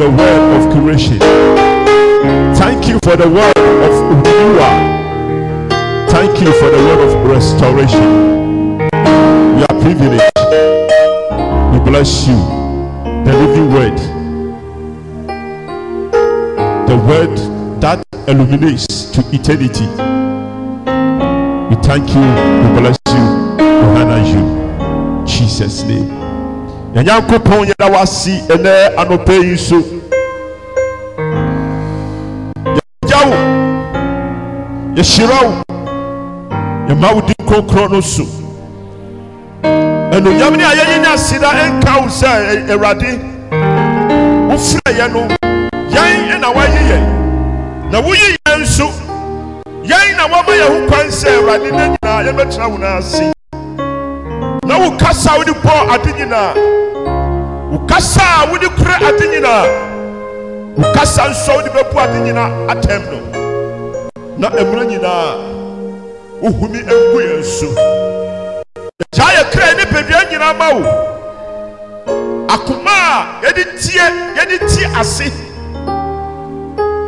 the word of creation. Thank you for the word of renewal. Thank you for the word of restoration. We are privileged. We bless you. The living word. The word that illuminates to eternity. We thank you. We bless you. We honor you. Jesus' name. nyanyankopɔn yɛda wasi ɛnɛ anɔpɛ yi so yɛgya wo yɛhyira wo yɛma wo di kronkron no so ɛnonyam ne a yɛyi nya sida ɛnka wo sɛ awurade wofrɛ yɛ no yɛn na wayi yɛn na woyi yɛn nso yɛn na wama yɛn ho kwan sɛ awurade na nyinaa yɛbɛtena wo no ase na wo kasa wo de bɔ ade nyinaa wo kasa a wode kura ade nyinaa wo kasa nso a wode bɛbu ade nyinaa atɛm no na mmerɛ nyinaa wohumi ɛngu yɛn so gyaa yɛ kra ne padua nyinaa ma wo akoma a yɛde tie yɛde tie ase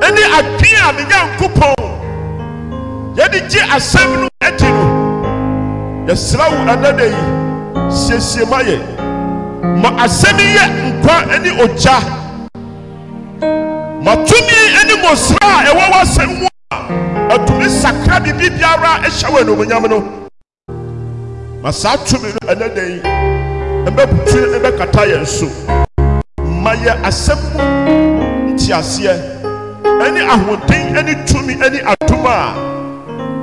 ɛne adwene a ne nyankopɔn yɛde gye asɛm no adi no yɛsrɛ wo ɛnɛ da yi siesie ma yɛ ma asɛmi yɛ nkwa ne ogya ma tumi ne mosra a ɛwɔ w'asɛm mu a atumi sakra biribi biara ahyɛ wɔ anomonyam no ma saa tumi no ɛnɛ da yi ɛbɛputu ɛbɛkata yɛn so ma yɛ asɛm mu ntiaseɛ ɛne ahoɔden ne tumi ne adom a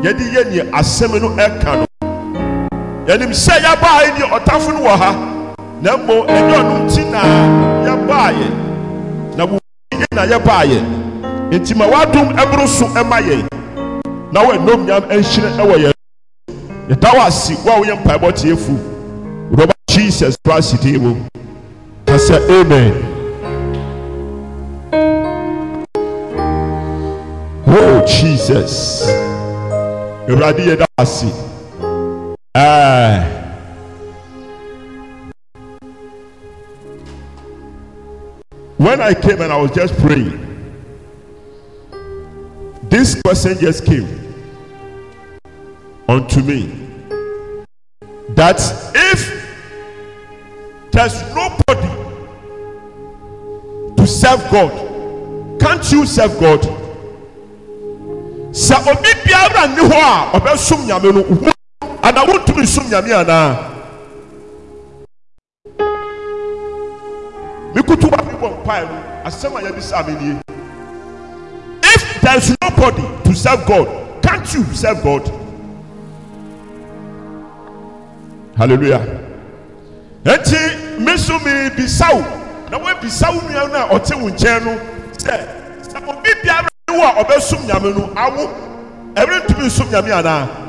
yɛde yɛ neɛ asɛm no ɛka no yɛnim sɛ yɛabaa yi deɛ ɔtafo no wɔ ha na mmo ɛnyɛ ɔno ti na yɛbaayɛ na wɔn yɛ na yɛbaayɛ nti ma wadum ɛboro so ɛma yɛn na wɔn enom nyam ɛnhyerɛ ɛwɔ yɛn yɛda wɔ ase wɔ a wɔyɛ mpaebɔ tie fu rɔba jesus christ din mu kasa amen. Oh Jesus, Eradi Yedasi. Ah. Eh. When I came and I was just praying, this question just came unto me that if there's nobody to serve God, can't you serve God? Sɛ obi biara ni hɔ a ɔbɛ sum nyame no, ana wontumi sum nyame anaa? kutu ba mi bɔ mpae mu asɛm a yɛbi sa mi nie if there is nobody to serve God can't you serve God hallelujah eti mi so mi bisawo na wo bisawo nua na ɔte wo nkyɛn no sɛ sɛ obi biara ni wo a ɔbɛ som nyame no awo ɛwɛrɛ ntumi som nyame anaa.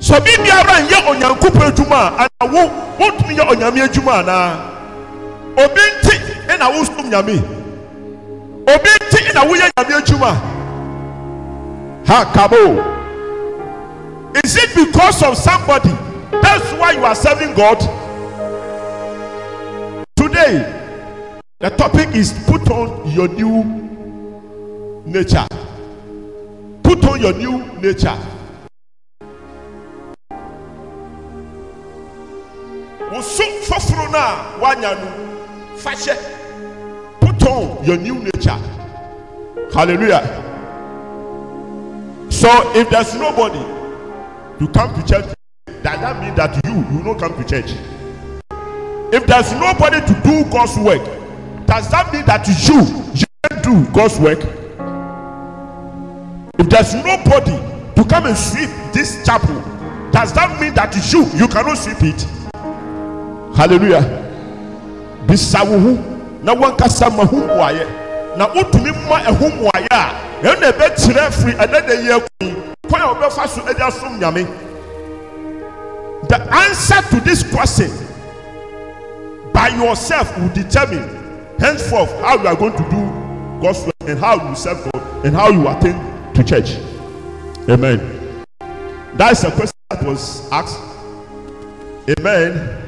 sɛ bi biara nyɛ onyankopɔn adwuma a anaa wo wontumi yɛ onyame adwuma anaa obi nti na wosom nyame obi nti na woyɛ nyame adwuma ha kabo is it because of somebody that's why you are serving god today the topic is put on your new nature put on your new nature ahodoɔ no a put on your new nature hallelujah so if there's nobody to come to church that that means that you you not come to church if there's nobody to do god's work does that mean that you you can do god's work if there's nobody to come and sweep this chapel does that mean that you you cannot sweep it hallelujah bisa ho na wankasa ma ho mmuayɛ na wotumi ma ɛho mmuayɛ a ɛno na ɛbɛkyerɛ firi ɛnɛ da yi akui kwan a wɔbɛfa so ɛde asom nyame the answer to this question by yourself will determine henceforth how you are going to do God's work and how you serve God and how you attend to church. Amen. That is a question that was asked. Amen.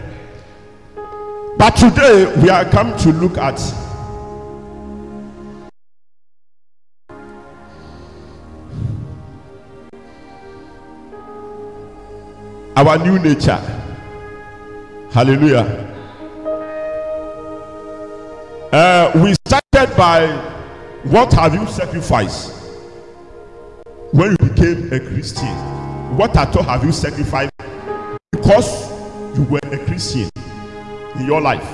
But today we are come to look at our new nature. Hallelujah. Uh, we started by what have you sacrificed when you became a Christian? What at all have you sacrificed because you were a Christian? in your life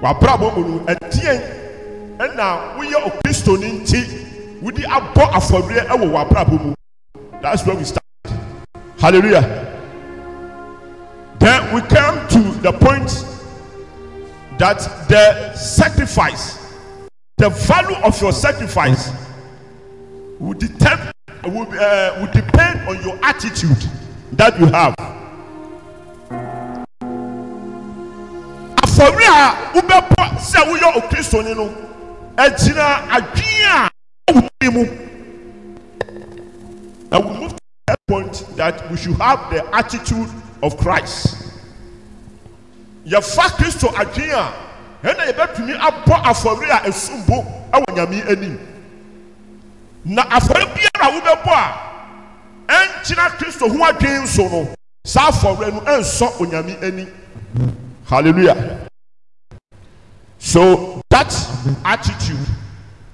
w'abrabɔ mu no ɛteɛ ɛna woyɛ okristo ne nti wodi abɔ afɔdeɛ ɛwɔ w'abrabɔ mu that's where we start hallelujah then we come to the point that the sacrifice the value of your sacrifice will, determine, will, uh, will depend on your attitude that you have. afɔwura a wobɛbɔ sɛ woyɛ okristoni no ɛgyina adwene a ɔwɔ tiri mu I will move to that point that we should have the attitude of christ yɛfa kristo adwene a ɛna yɛbɛtumi abɔ afɔwura a esumbo ɛwɔ nyame anim na afɔre biara wobɛbɔ a ɛnkyina kristo ho adwene nso no saa afɔwura no ɛnsɔ onyame ani hallelujah. So that attitude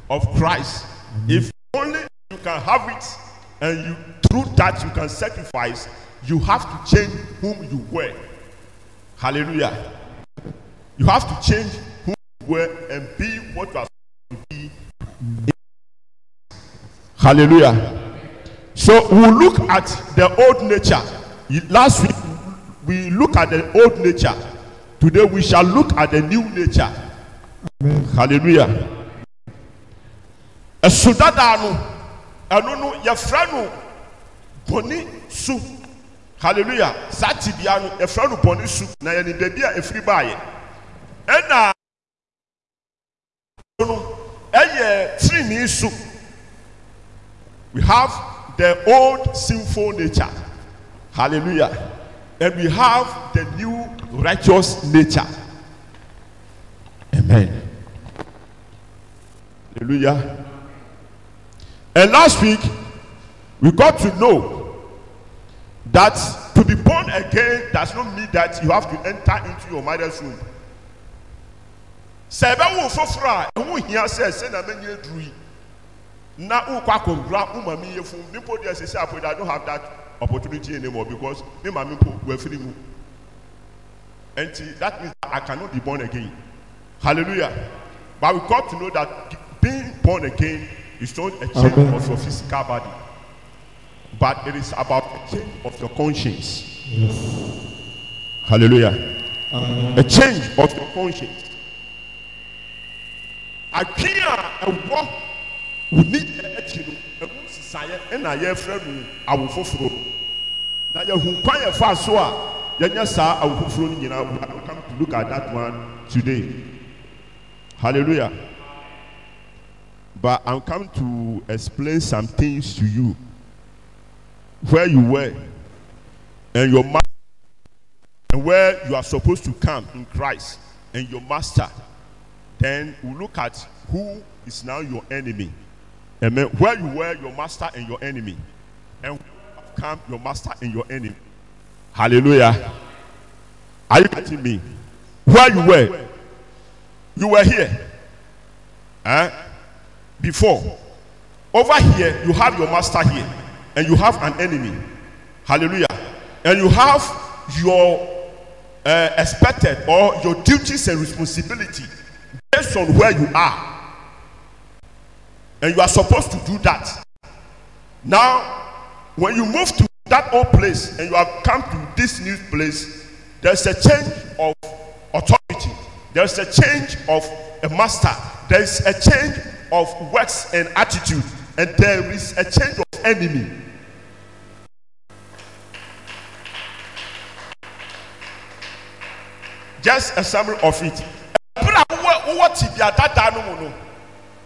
of Christ, if only you can have it, and you through that you can sacrifice, you have to change whom you were. Hallelujah. You have to change who you were and be what you are supposed to be. Hallelujah. So we will look at the old nature. Last week we look at the old nature. Today we shall look at the new nature. hallelujah ɛso dadaa no ɛno no yɛfrɛ no bɔne su hallelujah Sati tibia no yɛfrɛ no bɔne su na yɛne baabi a ɛfiri baayɛ ɛna no ɛyɛ ni su we have the old sinful nature hallelujah and we have the new righteous nature. Amen. Hallelujah. And last week, we got to know that to be born again does not mean that you have to enter into your mother's womb. Sɛ ɛbɛ wo foforɔ a ɛho hia sɛ sɛ na mɛ nye duru yi na wokɔ akɔwura wo maame yɛ fun mi po deɛ sɛ sɛ apoyi I don't have that opportunity anymore because mi maame po wɔ afiri mu nti that means I cannot be born again. Hallelujah. But we got to know that being born again is not a change Amen. of your physical body, but it is about a change of your conscience. Yes. Hallelujah. Amen. A change of your conscience. Akia ɛwɔ wuni ɛkyi no ɛmu sisaeɛ ɛna yɛfrɛ no awo foforɔ na yɛhu kwan yɛfa so a yɛnyɛ saa awo foforɔ no nyinaa we are not come to look at that one today. Hallelujah. But I'm coming to explain some things to you where you were and your master and where you are supposed to come in Christ and your master. Then we look at who is now your enemy. Amen. Where you were your master and your enemy. And come your master and your enemy. Hallelujah. Are you getting me? Where you were you were here. Eh? Before. Over here, you have your master here. And you have an enemy. Hallelujah. And you have your uh, expected or your duties and responsibility based on where you are. And you are supposed to do that. Now, when you move to that old place and you have come to this new place, there's a change of authority. There is a change of a master. There is a change of works and attitude. And there is a change of enemy. Just a summary of it. Ebura wowɔ tibia dada no mu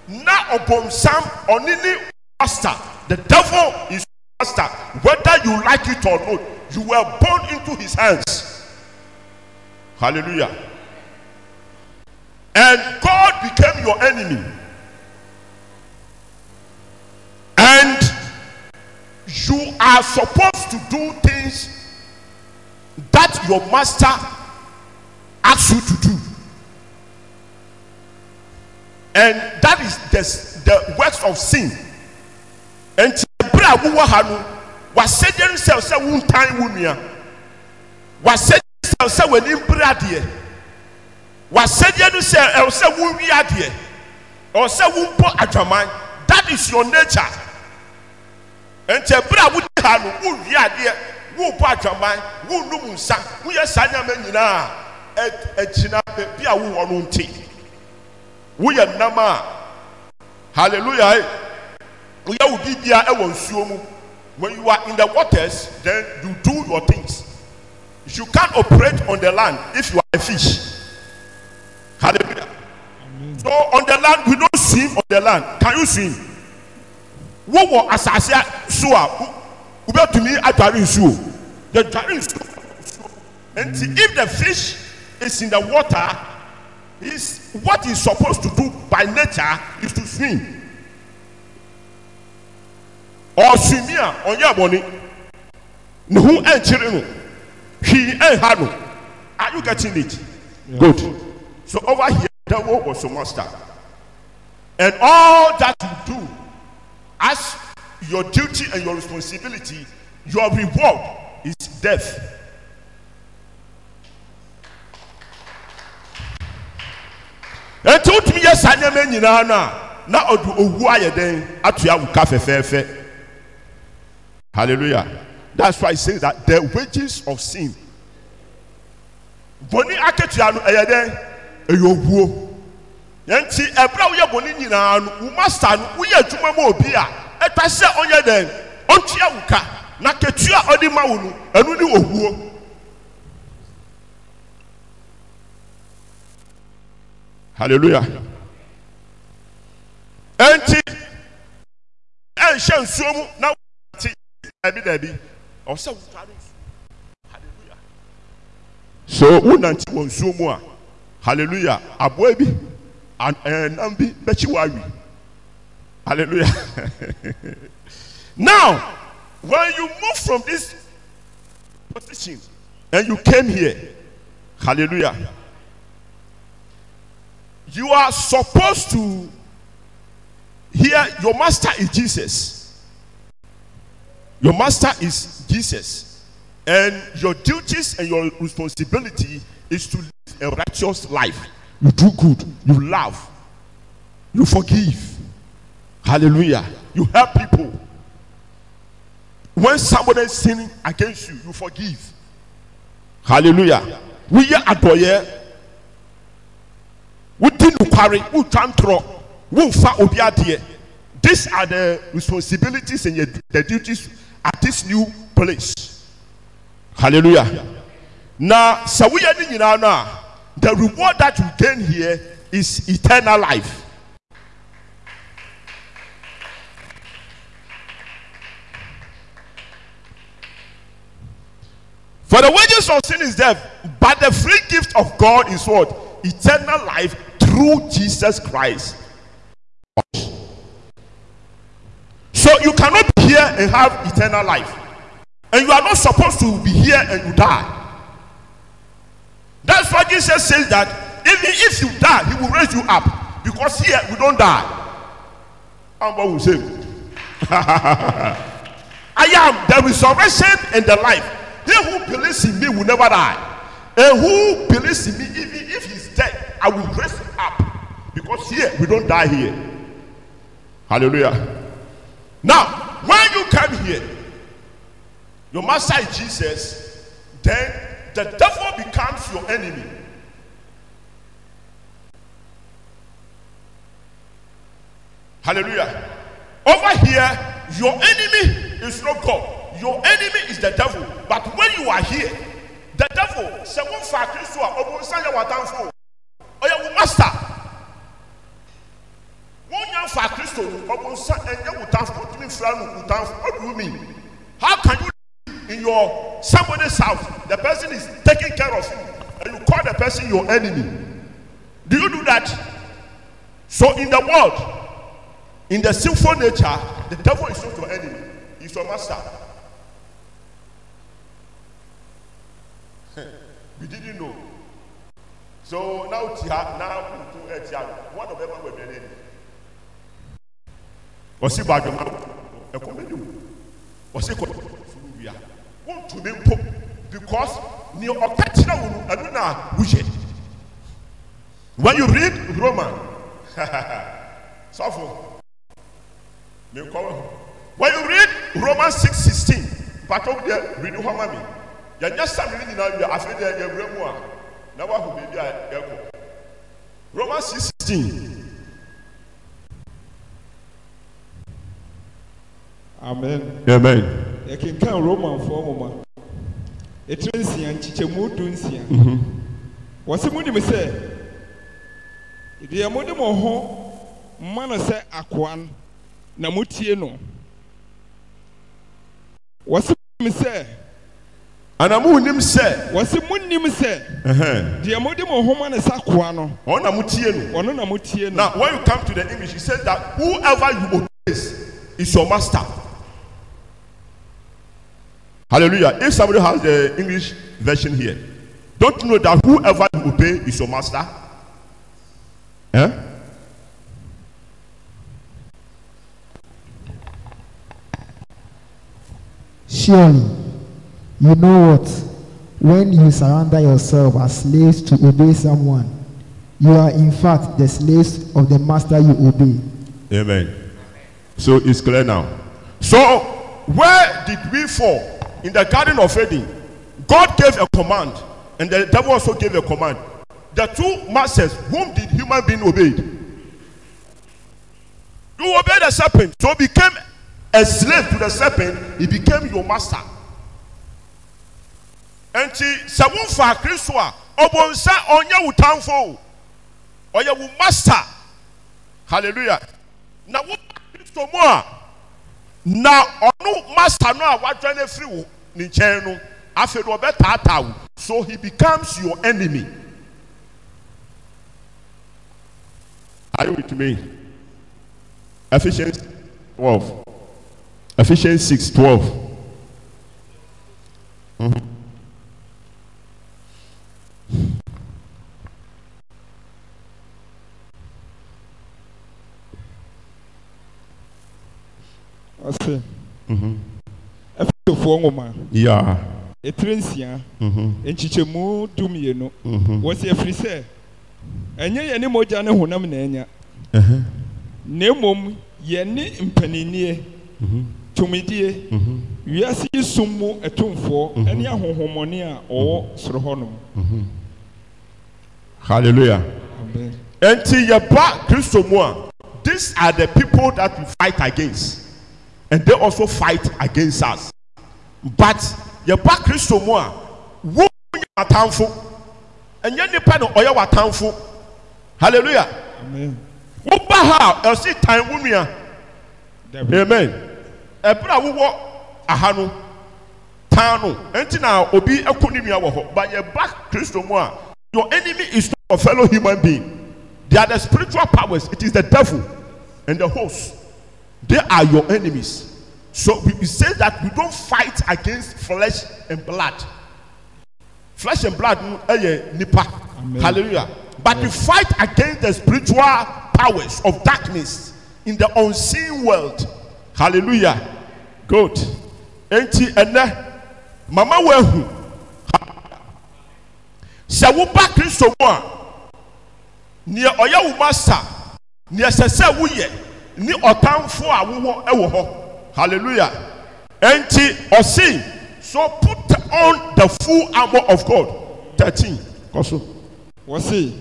no, na ɔbɔnsam ɔne master. The devil is master. Whether you like it or not, you were born into his hands. Hallelujah. And God became your enemy. And you are supposed to do things that your master asks you to do. And that is the, the works of sin. And bra wowɔ ha no wasɛgye nsɛw sɛ wo ntan wo nua wasɛdeɛ no sɛ ɛwɔ sɛ wowi adeɛ ɛwɔ sɛ wompɔ adwaman that is your nature nti ɛbrɛ a wodi ha no wowi adeɛ wobɔ adwaman wonum nsa woyɛ saa nneɛma nyinaa agyina baabi a wowɔ no nti woyɛ nam a hallelujah eh? woyɛ wo bibia ɛwɔ nsuo mu when you are in the waters then you do your things you can operate on the land if you are a fish. Hallelujah. Amen. So on the land, we don't see on the land. Can you see him? Wọ́n wọ asase so a wọ́bẹ̀tumi atware nsuo. The tware nsuo. Nti if the fish is in the water, is what is supposed to do by nature is to swim. Ọ̀sùnmí a ọ̀nyẹ́ àbọ̀ni. Ne ho ẹ̀nkyere no. Hwii ẹ̀nha no. Are you getting it? Yeah. Good. So over here, devil was a master, And all that you do as your duty and your responsibility, your reward is death. Ètò òtún yẹ sá nyinaa náà na ọ̀dù owó ayẹ̀dẹ́n ato wùká fẹ́fẹ́ẹ́fẹ́. Hallelujah. That's why I say that the wages of sin. Bọ̀ní aketua no ɛyɛ owuo yɛnti ɛbrɛ woyɛ bɔ ne nyinaa no wo masta no woyɛ adwuma obi a ɛtwa sɛ ɔnyɛ dɛn ɔntua wo na ketua a ɔde ma wo no ɛno ne owuo hallelujah ɛnti ɛnhyɛ e nsuo mu na wɔte daabi ebi ɔsɛ wotare so wonante wɔ nsuo mu a hallelujah aboa and ɛnam bi hallelujah now when you move from this position and you came here hallelujah you are supposed to hear your master is jesus your master is jesus and your duties and your responsibility is to a righteous life. You do good. You love. You forgive. Hallelujah. You help people. When somebody is sinning against you, you forgive. Hallelujah. We are adoye. We didn't quarry. We tantro. We fa obiadie. These are the responsibilities and the duties at this new place. Hallelujah. Now, so we are in the reward that you gain here is eternal life. For the wages of sin is death, but the free gift of God is what? Eternal life through Jesus Christ. So you cannot be here and have eternal life. And you are not supposed to be here and you die. That's why Jesus says that even if you die, he will raise you up. Because here we don't die. And what will say? I am the resurrection and the life. He who believes in me will never die. And who believes in me, even if he's dead, I will raise him up. Because here we don't die here. Hallelujah. Now, when you come here, your master is Jesus, then the devil becomes your enemy. Hallelujah. Over here, your enemy is not God. Your enemy is the devil. But when you are here, the devil, second fact, you saw, Obunsanya Watanfo, or your master. One young fact, Christo, Obunsan, and your Watanfo, to me, Fran, Watanfo, what How can you in your somebody's house, the person is taking care of you, and you call the person your enemy. Do you do that? So in the world, in the sinful nature, the devil is not your enemy, he's your master. we didn't know. So now tia now we do tia one of them were the enemy. Wọ́n sì bá àjọ̀mọ́ ẹ̀kọ́ tumi mpo because ni ɔka kyerɛ wo no ɛno na woyɛ when you read roman sɔfo menkɔ wɔ when you read roman six sixteen pato deɛ read hɔ ma mi yɛnyɛ samiri nyinaa wia afei deɛ yɛwura mu a na wahu baabi a yɛkɔ roman six sixteen. Amen. Amen yɛkenkan romanfoɔ nwoma ɛtiri nsia nkyekyɛmu du nsia wɔ sɛ monim sɛ deɛ mode ho mma no sɛ akoa na motie no wɔ sɛ monim sɛ ana munim sɛ wɔse monim sɛ deɛ mode mo ho ma ne sa koa no ɔno na motie no ɔno na motie no now when you come to the english he says that whoever you obey is your master Hallelujah. If somebody has the English version here, don't you know that whoever you obey is your master? Eh? Surely, you know what? When you surrender yourself as slaves to obey someone, you are in fact the slaves of the master you obey. Amen. So it's clear now. So, where did we fall? in the garden of Eden, God gave a command, and the devil also gave a command. The two masters, whom did human being obey? You obey the serpent, so became a slave to the serpent, he became your master. Nti sɛ wofa kristu a ɔbɔnsa ɔnyɛ wo tamfo master hallelujah na wofa kristu mu a na ɔno master no a wadwa no afiri wo ne nkyɛn no afei no ɔbɛtaataa wo so he becomes your enemy are you with me ephesians twelve ephesians six twelve. Mm-hmm. I see. Mm-hmm foɔ nwoma ya ɛtire nsia mm-hmm. nkyekyɛmu du mmienu mm-hmm. wɔsi efiri sɛ ɛnyɛ yɛn ne mogya ne honam na ɛnya na mmom yɛn ne mpanyinie tumidie wiase yi sum mu ɛtumfoɔ o ahohomɔni mm-hmm. a hallelujah ɛnti yɛba kristo mu these are the people that we fight against and they also fight against us. but yɛba kristo mu a wo nyɛ w'atamfo ɛnyɛ nipa na ɔyɛ w'atamfo hallelujah woba ha a ɛsi tan wo nua amen ɛbɛrɛ a wowɔ aha no tan no ɛnti na obi ɛko ne nua wɔ hɔ but yɛba kristo mu a your enemy is not a fellow human being they are the spiritual powers it is the devil and the host they are your enemies. So we, we say that we don't fight against flesh and blood. Flesh and blood, mm, eh, nipa. Hallelujah. But yes. we fight against the spiritual powers of darkness in the unseen world. Hallelujah. Good. Enti ene mama wehu. Sɛ woba kristo mu a, nea ɔyɛ wo master, nea ɛsɛ sɛ woyɛ, ne ɔtamfo a wowɔ wɔ hɔ hallelujah enti ɔsi so put on the full armour of god thirteen kɔ so. wɔsi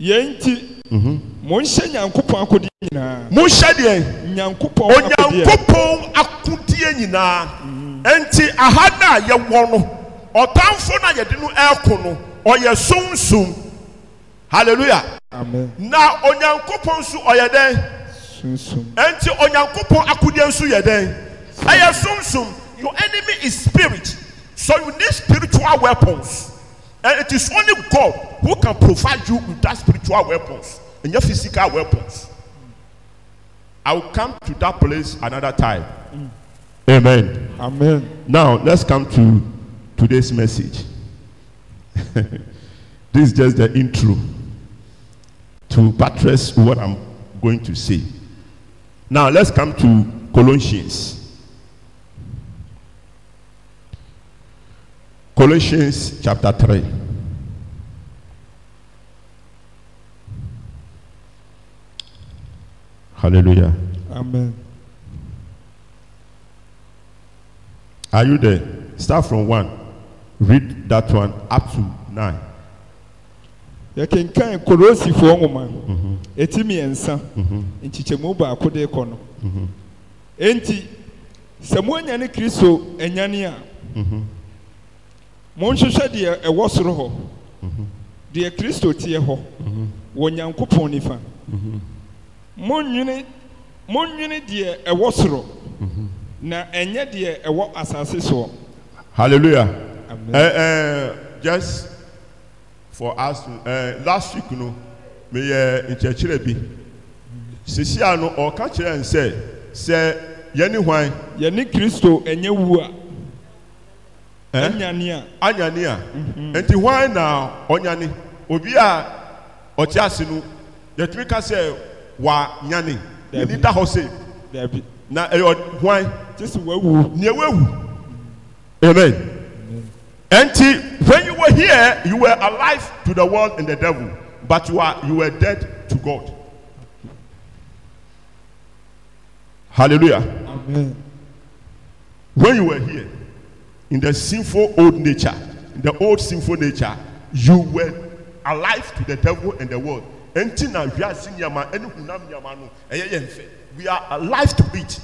yɛn ti mm-hmm. mo n ṣe nyankopɔn akodiɛ nyinaa. mo n ṣe deɛ. nyankopɔn akodiɛ onyankopɔn akodiɛ nyinaa mm-hmm. enti aha na yɛwɔ no ɔtanfo na yɛde no ɛɛko no ɔyɛ sunsun hallelujah amen na onyankopɔn nso ɔyɛ dɛ. I assume, Your enemy is spirit. So you need spiritual weapons. And it is only God who can provide you with that spiritual weapons and your physical weapons. I will come to that place another time. Mm. Amen. Amen. Now let's come to today's message. this is just the intro to buttress what I'm going to say. Now let's come to Colossians. Colossians chapter 3. Hallelujah. Amen. Are you there? Start from 1. Read that one up to 9. yɛkenkan korosifoɔ nwoma ɛti mhm. mmiɛnsa mhm. nkyekyɛmu baako de kɔ no mhm. enti sɛ moanyane kristo anyane a monhwehwɛ deɛ ɛwɔ soro hɔ deɛ kristo teɛ hɔ wɔ nyankopɔn nifa monnwene monnwene deɛ ɛwɔ soro na ɛnyɛ deɛ ɛwɔ asase soɔ hallelujah amen eh, eh, just for us uh, last week no meyɛ nkyɛkyerɛ bi sisi ano ɔka kyerɛ n sɛ sɛ yɛne hwan. yɛne kristo ɛnyɛ wu a. Eh? anyane a. anyane a mhm. nti hwan na ɔnyane obi a ɔte ase no yɛtumi ka sɛ wanyane yɛni da hɔ se na ɛyɛ hwan. kyesi wawu. nea wawu amen. And when you were here, you were alive to the world and the devil, but you are you were dead to God. Hallelujah. Amen. When you were here, in the sinful old nature, in the old sinful nature, you were alive to the devil and the world. We are alive to it.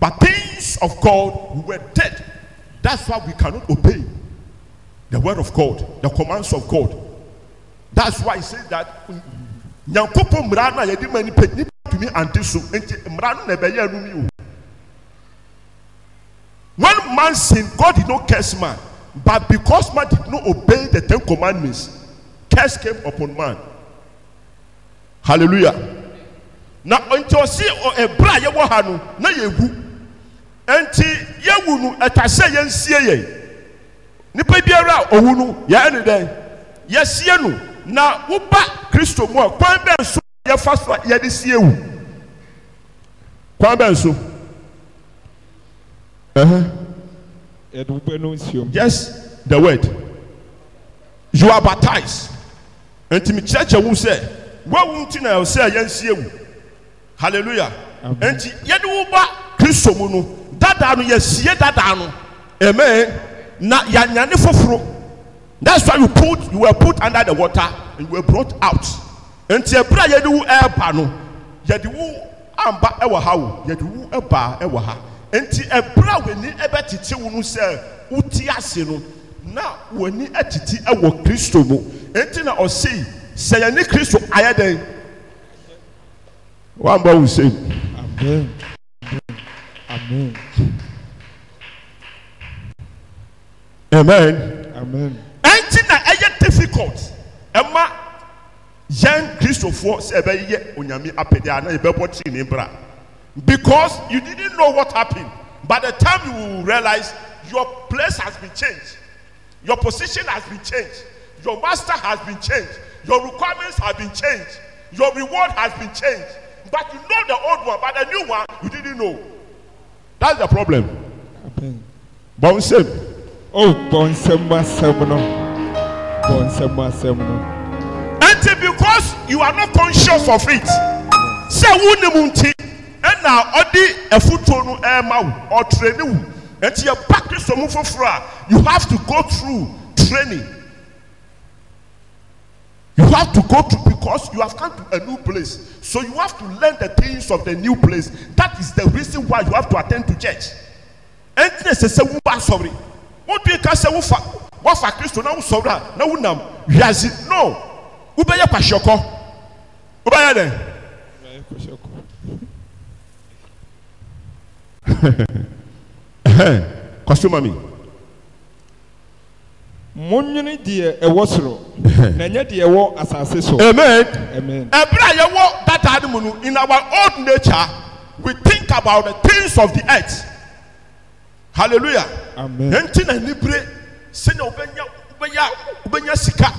But things of God, we were dead. That's why we cannot obey. the word of God, the commands of God. That's why he says that nyankopo mmara na yɛde ma nipa nipa tumi ante so nti mmara no na ɛbɛyɛ anum yi When man sin, God did not curse man, but because man did not obey the ten commandments, curse came upon man. Hallelujah. Na nti ɔsi ɛbra a yɛwɔ ha no na yɛwu nti yɛwu no ɛta sɛ yɛnsie yɛn nipa biara owu no yɛn ne dɛn yɛsie no na woba kristo mu a kwan bɛn so yɛfa so a yɛde sie wu kwan bɛn so ɛhɛn. yɛde wo bɛ no nsuo. yes the word you are baptized ntumi kyerɛkyerɛ wo sɛ wawu nti na sɛ yɛn sie wu hallelujah nti yɛde wo ba kristo mu no dadaa no yɛsie dadaa no amen na yanyane foforo that's why you put you were put under the water and you were brought out nti ebura yɛde wu ɛɛba no yɛde wu amba ɛwɔ ha o yɛde wu ɛba ɛwɔ ha nti ebura w'ani ɛbɛtete wo no sɛ wuti ase no na w'ani ɛtete ɛwɔ kristo mu nti na ɔse sɛ yɛne kristo ayɛ dɛn wamba wo sɛn. amen amen. amen. amen. amen. And na ɛyɛ difficult ɛma yɛn kristofoɔ sɛ ɛbɛyɛ onyame apɛdeɛ ana yɛbɛbɔ tiri ne bra because you didn't know what happened by the time you will realize your place has been changed your position has been changed your master has been changed your requirements have been changed your reward has been changed but you know the old one but the new one you didn't know that's the problem. Amen. but we say. o oh, bɔ nsɛm asɛm no bɔ nsɛm asɛm no. ɛnti because you are not conscious of it sɛ wunim nti ɛna ɔde ɛfutuo no ɛɛma wo ɔtrɛ ne wo ɛnti yɛ pa kristomu foforɔ a you have to go through training you have to go through because you have come to a new place so you have to learn the things of the new place that is the reason why you have to at ten d to church ɛnti na ɛsɛ sɛ wo ba wotumi ka sɛ wofa wofa kristo na wosɔre a na wonam wiase no wobɛyɛ kwahyɛkɔ wobɛyɛ dɛ kwaso ma mi. monyini deɛ ɛwɔ soro na nyɛ deɛ ɛwɔ asase so. amen amen. ɛbíra yɛ wɔ dada ni mu no in our old nature we think about the things of the earth hallelujah ɛnti na nibire sɛnea wobɛnya wobɛnya wobɛnya sika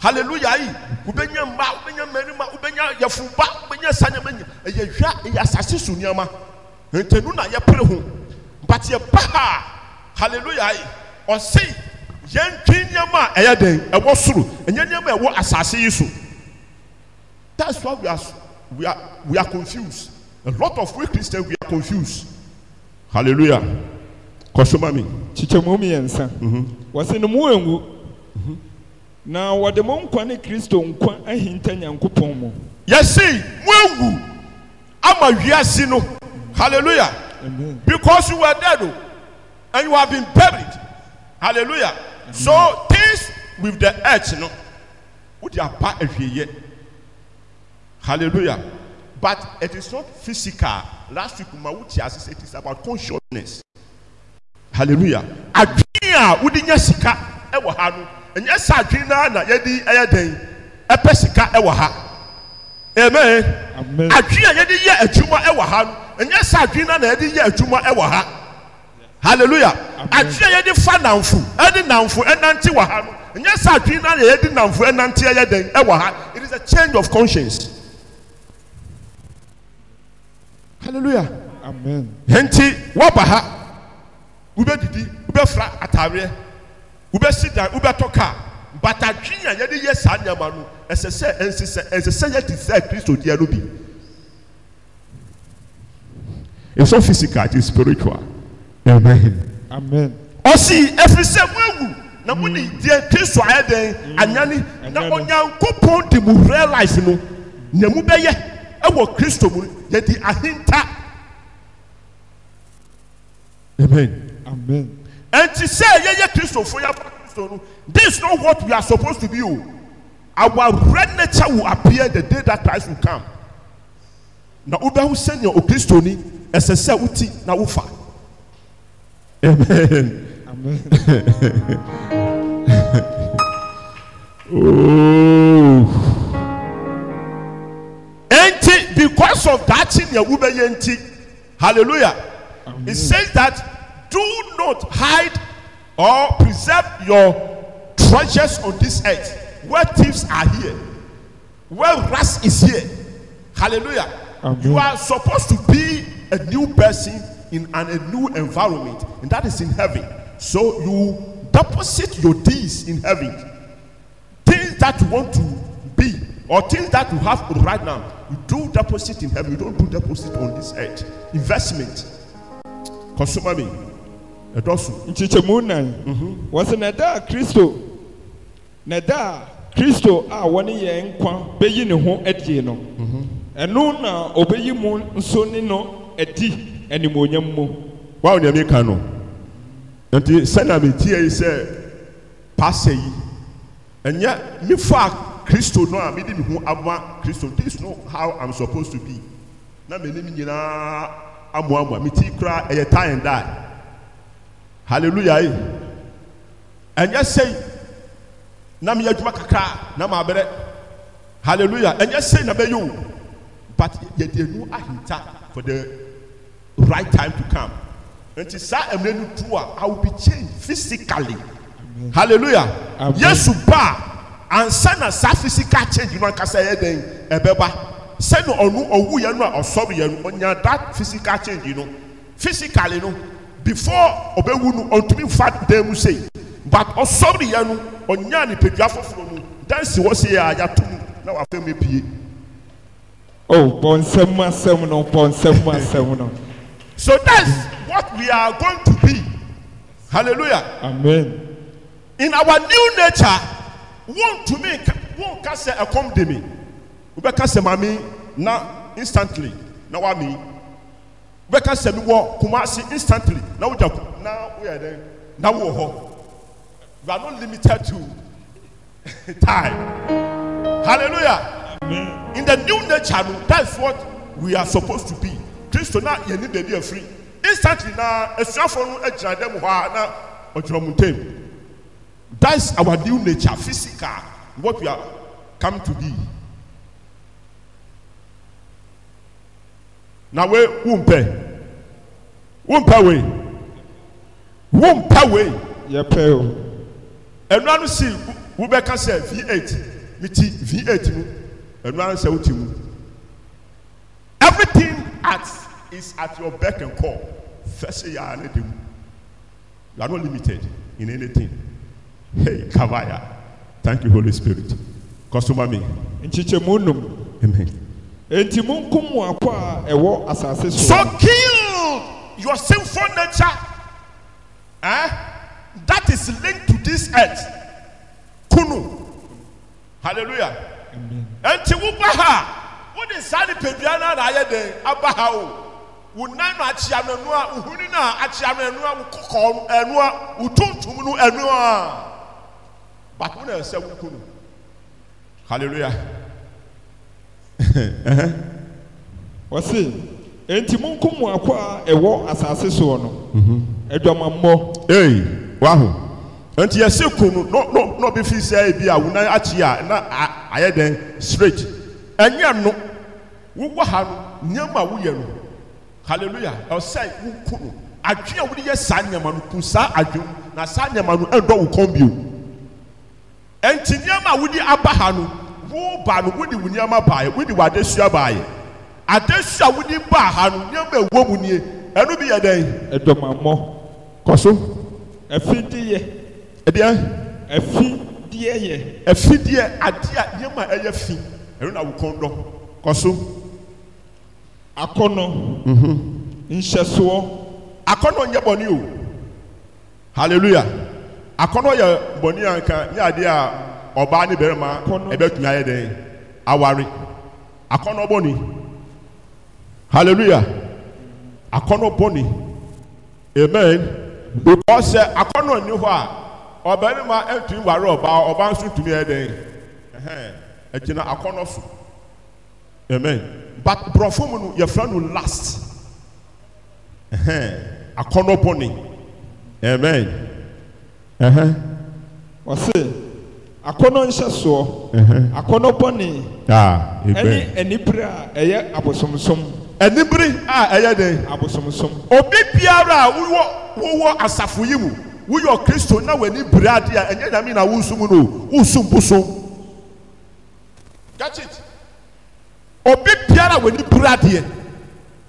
hallelujah yi wobɛnya mba wobɛnya mmarima wobɛnya yɛfunba wobɛnya sanyamanya ɛyɛ hwɛ ɛyɛ asase so nneɛma ntɛnu na yɛpere ho but yɛba ha hallelujah yi ɔsi yɛntwi nneɛma a ɛyɛ den ɛwɔ soro ɛnyɛ nneɛma a asase yi so that's why we are we are we are confused a lot of we christians we are confused hallelujah kɔsoma mi. kyikyɛmu mmiɛnsa mhm. wɔsi no mu engu mhm. na wɔde mo nkwa ne kristo nkwa ahinta nyankopɔn mu. yɛsi mu ewu ama wiase no hallelujah Amen. because you were dead o oh, and you have been buried hallelujah Amen. so things with the earth no wò di aba ehwieyɛ hallelujah but it is not physical last week ma wò ti ase say it is about consciousness hallelujah adwene a wodi nya sika ɛwɔ ha no ɛnyɛ sɛ adwene naa na yɛde ɛyɛ dɛn ɛpɛ sika ɛwɔ ha amen adwene a yɛde yɛ adwuma ɛwɔ ha no ɛnyɛ sɛ adwene naa na yɛde yɛ adwuma ɛwɔ ha hallelujah adwene a yɛde fa nanfo ɛde nanfo ɛnante wɔ ha no ɛnyɛ sɛ adwene naa na yɛde nanfo ɛnante ɛyɛ dɛn ɛwɔ ha it is a change of conscience hallelujah amen yɛn ti wɔba ha wobɛdidi wobɛfra ataareɛ wobɛsi dan wobɛtɔ kaa batadwi a yɛde yɛ saa nneɛma no ɛsɛ sɛ ɛnsesɛ ɛnsesɛ yɛte sɛ kristo deɛ no bi it's not physical it spiritual amen amen ɔsi ɛfiri sɛ wɔawu na mo ni deɛ kristo ayɛ dɛn mm. anyane na ɔnyankopɔn de mo realize no nea mo bɛyɛ ɛwɔ kristo mu yɛde ahinta amen amen. ẹnti sẹ yẹyẹ kristofo yẹ fa kristo no this is not what we are supposed to be o oh. our red nature will appear the day that Christ will come na wobɛho sɛnea okristo ni ɛsɛ sɛ woti na wofa amen. amen. oh. because of that thing yẹn wúbẹ yẹn hallelujah Amen. it says that do not hide or preserve your treasures on this earth where thieves are here, where rust is here. Hallelujah. Amen. You are supposed to be a new person in an, a new environment, and that is in heaven. So you deposit your deeds in heaven. Things that you want to be or things that you have right now, you do deposit in heaven. You don't do deposit on this earth. Investment. Consumer me. ɛdɔso. nkyekyɛmu nan. Mhm. wɔsi na ɛda a kristo na ɛda a kristo a wɔne yɛn nkwa bɛyi ne ho adie no mhm. ɛno na ɔbɛyi mu nso ne no adi animonyam mu. wa ɔnua mi ka no nti sɛnea mi tie yi sɛ paasa yi ɛnyɛ mi fa kristo no a mi de mi ho ama kristo this no how i'm supposed to be na mi anim nyinaa amoamoa mi ti kura ɛyɛ tie and die hallelujah yi ɛnyɛ sɛyi na mi yɛ adwuma kakra na ma abɛrɛ hallelujah ɛnyɛ sɛyi na bɛyɛ o but yɛ de nu ahinta for the right time to come nti saa ɛmɛ nu tu a i will be changed physically hallelujah yesu ba ansa na saa physical change nu ankasa yɛ dɛn ɛbɛba sɛni ɔnu ɔwu yɛ nu a ɔsɔrɔ yɛ nu ɔnya that physical change you no know. physically you no. Know, before ɔbɛwu no ɔntumi nfa dan mu sei but ɔsɔre yɛ no ɔnya nipadua foforɔ no dansi wɔ se yɛ a yato mu na wafɛ mu epie. o oh, bɔ nsɛm asɛm no bɔ nsɛm asɛm no. so that's what we are going to be hallelujah. amen. in our new nature won to me won ka sɛ ɛkɔm de mi maami na instantly na wa mi bɛka sɛmi wɔ kumasi instantly na o jaku na o yɛ dɛ na wo hɔ you are not limited to time hallelujah in the new nature no that is what we are supposed to be kristo na yɛn ni baabi afiri instantly na esuafo no egyina dɛm hɔ a na ɔgyina mu ntɛm that is our new nature physical what we are come to be. na wei wompɛ wompɛ wei wompɛ wei yɛpɛ o ɛnua no si wobɛka sɛ v8 meti v8 mu ɛnua no sɛ wote mu everything at is at your beck and call fɛsɛ yaa ne de mu you are not limited in anything hey kavaya thank you holy spirit kɔsoma mi nkyekyɛmu num amen. Enti munkum mu akɔ a ɛwɔ asase so. So kill your sinful nature eh? that is linked to this earth. Kunu. Hallelujah. Enti wo ba ha wo de saa nipadua na na ayɛ den aba ha o. Wo nan no akyea no ano a ohuni no a akyea no ano a wo kɔkɔɔ ano a wo tuntum no ano a. Baako na ɛsɛ wo kunu. Hallelujah. wɔsi eti mu nko mu akɔ a ɛwɔ asase soɔ no mhm. adwamammɔ. ee wahu nti yɛsi kunu no no no bi fi sɛ ebi awu na akyi a na ayɛ dɛn straight ɛnyɛ no wowɔ ha no nneɛma a woyɛ no hallelujah ɔsɛ woku no adwe a wode yɛ saa nneɛma no kun saa adwe na saa nneɛma no ɛndɔ wo kɔn bio ɛnti nneɛma a wode aba ha no. woba no wode wo nneɛma baeɛ wode wo adesua baeɛ adesua wode baa ha no nneɛma ɛwɔ mu nie ɛno bi yɛ dɛn ɛdɔmammɔ kɔ so ɛfidiyɛ ɛdeɛ yɛ a nneɛma ɛyɛ fi ɛno na dɔ akɔnɔ mhm. nhyɛsoɔ akɔnɔ nyɛ o hallelujah akɔnɔ yɛ anka nyɛ a ɔbaa ne bɛrima ɛbɛtumi ayɛ dɛn awari akɔnɔbɔni hallelujah akɔnɔbɔni amen because sɛ akɔnɔ ni hɔ a ɔbɛrima ɛntumi wari ɔbaa ɔbaa nso tumi ayɛ dɛn ɛgyina akɔnɔ so amen but borɔfo mu no yɛfrɛ no last ɛhɛn akɔnɔbɔni amen ɛhɛn wɔsi akɔnɔ nhyɛsoɔ akɔnɔ bɔne ɛne anibere ah, a ɛyɛ abosomsom anibere a ɛyɛ den abosomsom obi biara a wowɔ wowɔ asafo yi mu woyɛ kristo na w'ani bere ade a ɛnyɛ nyame na wosum no wosum bosom get it obi biara a w'ani bere adeɛ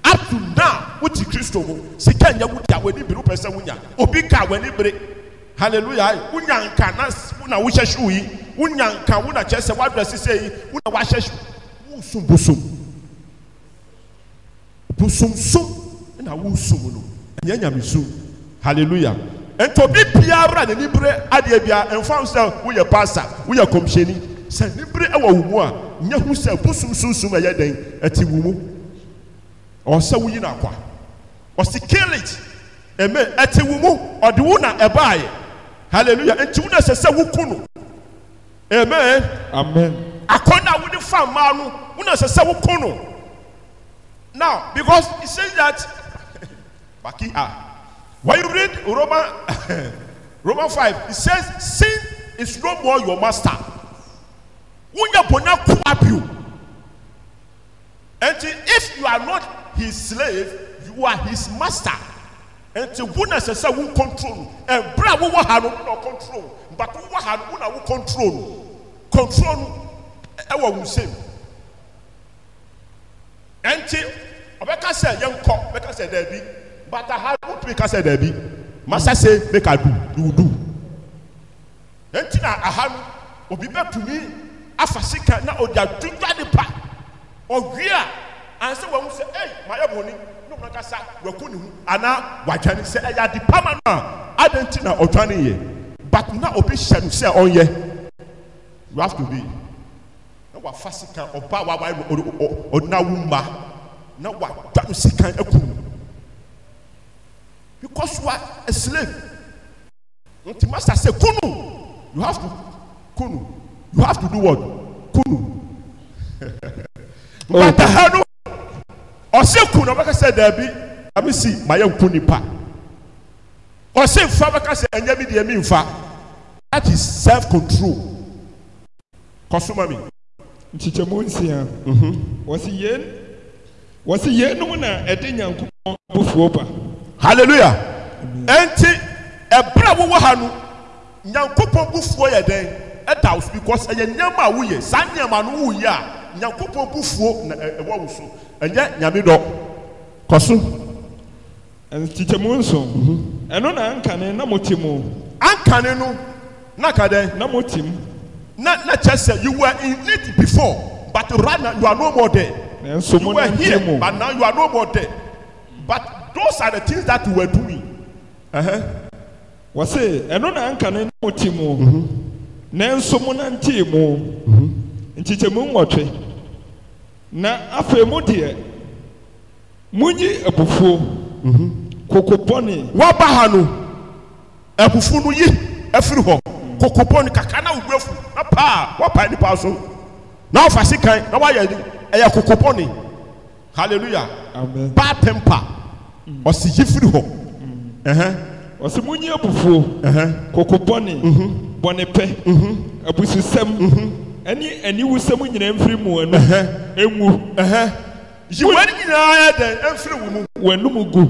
up to now wote kristo mu sika nyɛ wodi a w'ani bere wopɛ sɛ wonya obi ka w'ani bere hallelujah wunyanka na wuna wohyɛ shoe yi wunyanka wuna kyerɛ sɛ sɛ yi wuna wahyɛ wusum busum busumsum na wusum no ɛnyɛ nyamesum hallelujah ntobi biara na nibire adeɛ bia nfa sɛ woyɛ pastor woyɛ kɔmhyɛni sɛ nibire ɛwɔ wo mu a nyɛ hu sɛ busumsumsum ɛyɛ den ɛte wo mu ɔsɛ woyi na akwa ɔsi ɛmɛ ɛte wo mu ɔde wo na ɛbaayɛ. hallelujah nti wuna sɛ sɛ woku no amen amen akɔnna a wode fa mmaa no wuna sɛ sɛ woku no now because he says that baki ah when you read roman roman five he says sin is no more your master wunya bonya ku abio and if you are not his slave you are his master nti wo na sɛ sɛ wo control ɛbrɛ a wowɔ ha no wo na control but wowɔ ha no wo na wo control no control no ɛwɔ wo nsam ɛnti ɔbɛka sɛ yɛnkɔ bɛka sɛ daabi but aha wotumi ka sɛ daabi masa sɛ meka du duudu ɛnti na aha no obi bɛtumi afa sika na ɔde adudwa nipa ɔwie a ansɛ wɔn sɛ ɛy mayɛ bɔnni no nankasa waku ne ho anaa wadwane sɛ ɛyɛ ade pama no a adan ti na ɔdwane yɛ but na obi hyɛ no sɛ ɔnyɛ you have to be na wafa sika ɔba a wawae no ɔna wo mma na wadwa no sika akum because wa a slave nti master say kunu you have to kunu you have to do what kunu. Matahanu ɔsɛ kun na ɔbɛka sɛ daabi ami si ma yɛ nku nipa ɔsɛ nfa bɛka sɛ ɛnyɛ mi deɛ mi nfa that is self control kɔsuma mi. nkyikyɛmu nsia mhm. wɔsi yɛn wɔsi yɛnum na ɛde nyankopɔn abofuo ba. hallelujah ɛnti ɛbrɛ wowɔ ha no nyankopɔn bofuo yɛ dɛn ɛda because ɛyɛ nneɛma a woyɛ saa nneɛma no woyɛ a nyankopɔn bufuo na ɛwɔ wo so ɛnyɛ nyame dɔ kɔ so nkyekyɛmu nson mhm. ɛno na ankane na mote mu ankane no na ka dɛn na mote mu na na kyɛ sɛ you were in it before but right now you are no more there nanso mo na nte mu but now you are no more there but those are the things that you were doing. Uh -huh. wɔ se ɛno na ankane na mote mu mhm. nanso mo na nte mu. Mhm nkyekyɛmu nwɔtwe na afei mu deɛ munyi abufuo mhm. koko bɔne waba ha no abufuo no yi afiri hɔ koko bɔne kaka na wogu afu na paa wapa nipa so na wofa sekan na woayɛ ɛyɛ koko bɔne hallelujah bad temper mm. ɔsi yi firi hɔ mm. ɔsi munyi abufuo koko bɔne mhm. bɔne pɛ mhm. abususɛm ɛni ɛniwu sɛmu nyinaa nfiri mu ɛnu ɛnwu yiwani nyinaa yɛ dɛ ɛnfiri wɔ mu wɛnum gu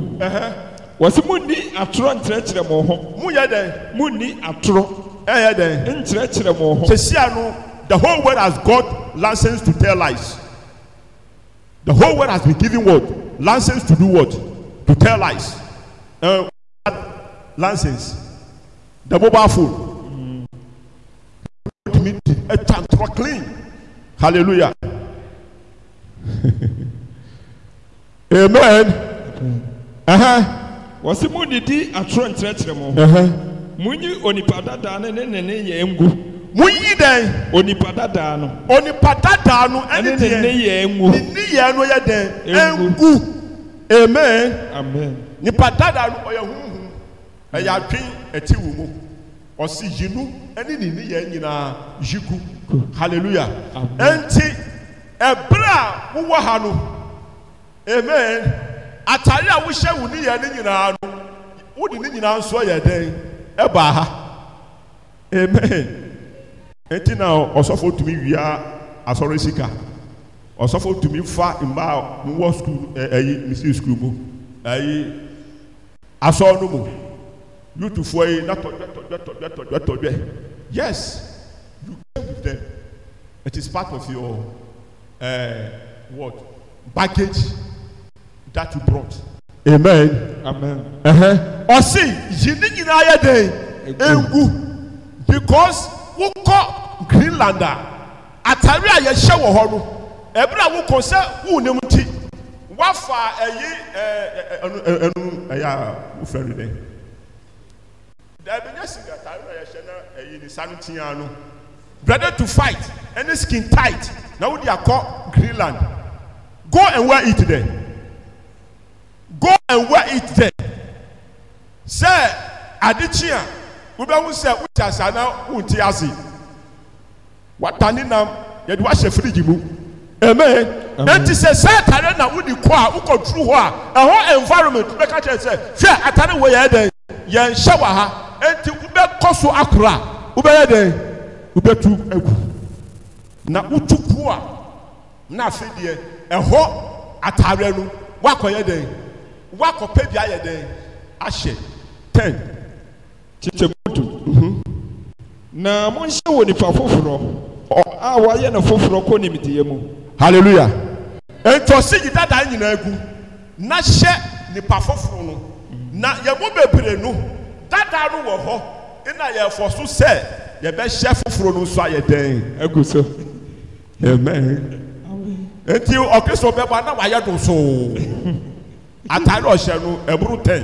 wɔsi mu ni atorɔ nkyerɛkyerɛ mu hɔ mu yɛ dɛ mu ni atorɔ ɛyɛ dɛ nkyerɛkyerɛ mu hɔ sisi ano the whole world has got license to tell lies the whole world has been given what license to do what to tell lies uh, license the mobile phone. tumi di atwa ntorɔ clean hallelujah amen uh-huh. wɔsi mu didi atwerɛ nkyerɛkyerɛ mu uh-huh. munyi onipa dadaa ne ne ne ne yɛ ngu munyi dɛn onipa dadaa no onipa dadaa no ɛne ne ne yɛ ngu ne ne yɛ no yɛ dɛn ngu amen amen nipa dadaa no ɔyɛ huhu ɛyɛ atwi ɛti wɔ ɔsi yinu ɛne ne ni yɛn nyinaa yiku hallelujah ɛnti ɛbrɛ a wowɔ ha no amen atare a wohyɛ wo ni yɛn ne nyinaa no wode ne nyinaa nso yɛ dɛn ɛbaa ha amen ɛnti na ɔsɔfo tumi wia asɔre sika ɔsɔfo tumi fa mmaa nwɔ sukuu ɛyi misi sukuu mu ɛyi asɔ no mu. yutufoɔ yi natɔdɔtɔdɔtɔdɔtɔdɔɛ yes you dey with them it is part of your uh, what baggage that you brought. amen. amen. Uh-huh. ɔsi yi ni nyinaa yɛ den engu because wokɔ greenland a atare a yɛhyɛ wɔ hɔ no ebira wokɔ sɛ wo ne mu ti wafa ɛyi ɛɛ eh, eh, ɛnu ɛnu ɛyà wofɛ ne dɛ daabi nye singatare na yɛhyɛ na ɛyi ne sa no tia no ready to fight any skin tight na wodi akɔ greenland go and wear it there go and wear it there sɛ adekyi a wobɛhu sɛ wote asa na wonte ase watane nam yɛde wahyɛ firigi mu amen nti sɛ sɛ atare na wode kɔ a wokɔduru hɔ a ɛhɔ environment wobɛka kyerɛ sɛ hwɛ atare wɔ yɛɛ dɛn yɛnhyɛ wɔ ha eti wobɛ kɔ so akora wobɛyɛ dɛ wobɛtu agu na wotu ku mhm. a na afe deɛ ɛhɔ ataareɛ no wakɔyɛ dɛ wakɔpɛ bi ayɛ dɛ ahyɛ ten tete moto na mo nhyɛ wɔ nipa foforɔ a wayɛ no foforɔ kɔ nimdeɛ mu hallelujah nti ɔsi yi dada nyinaa gu na hyɛ nipa foforɔ no na yɛn mu bebree no dada no wɔ hɔ ɛna yɛfɔ so sɛ yɛbɛhyɛ foforɔ no nso ayɛ dɛn ɛgu so amen eti ɔkristo bɛbɔ na wayɛ do so ataare ɔhyɛ no ɛburu tɛn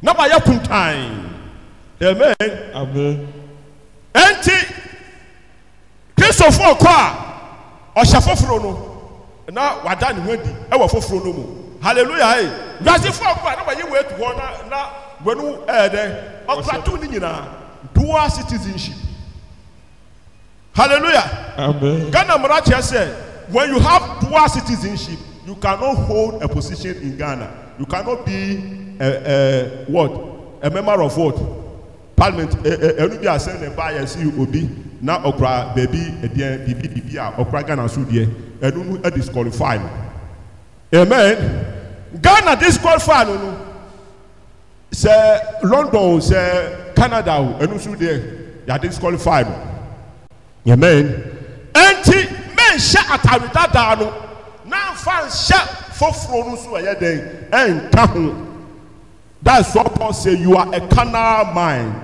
na wayɛ kuntan amen Amen. eti kristofo kɔ a ɔhyɛ foforɔ no na wada ne ho adi ɛwɔ foforɔ no mu hallelujah ee wiase fo kɔ a na wayɛ wɔ etu hɔ na na wɔn ɛyɛ dɛ ɔkurato ne nyinaa dual citizenship hallelujah amen ghana mara kyerɛ sɛ when you have dual citizenship you cannot hold a position in ghana you cannot be a a what a member of what parliament ɛnu bi asɛn na ɛba yɛ si obi na ɔkura beebi ɛdeɛ bibi bibi a ɔkura ghana so deɛ ɛnu no ɛdisqualify no amen ghana disqualify no no sɛ london sɛ canada o ɛnu nso deɛ yà disqualify no yɛmɛn ɛnti mɛn hyɛ atare dadaa no n'afa nhyɛ foforɔ no nso ɛyɛ dɛ ɛnka ho that's why paul say you are a carnal man.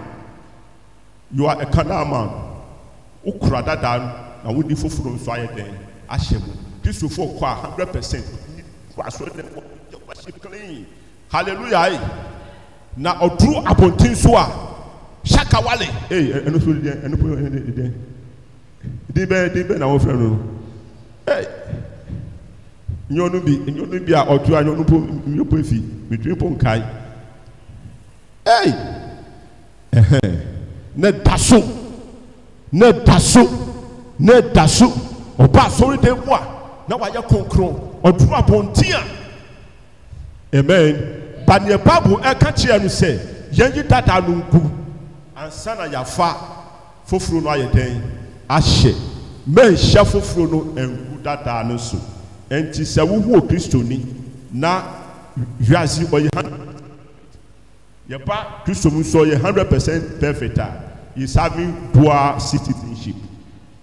you are a carnal man okura dadaa no na wodi foforɔ nso ayɛ dɛ ahyɛ mu kristofo kɔ a hundred percent wɔ asɔrɔ wɔ wɔ ahyɛ clean hallelujah na ɔduru abɔnten so a sakawale ee ɛno so deɛ ɛno so deɛ deɛ den bɛ den bɛ na wɔn fɛ no ee nyɔnu bi nyɔnu bi a ɔtu a nyɔnu po nyɔnu po efi mitumi po nkae ee ɛhɛn ne da so ne da so ne da so ɔba asɔriden mu a na wayɛ konkron ɔduru abɔnten a amen paneɛ baabu ɛka e kyerɛ no sɛ yɛnyi tata no ngu ansa na yafa foforo no ayɛ dɛn ahyɛ mɛnhyɛ foforo no ngu dada no so nti sɛ wohu okristoni na wiase ɔyɛ han yɛba kristo mu nso ɔyɛ hundred percent perfect a he's having dual citizenship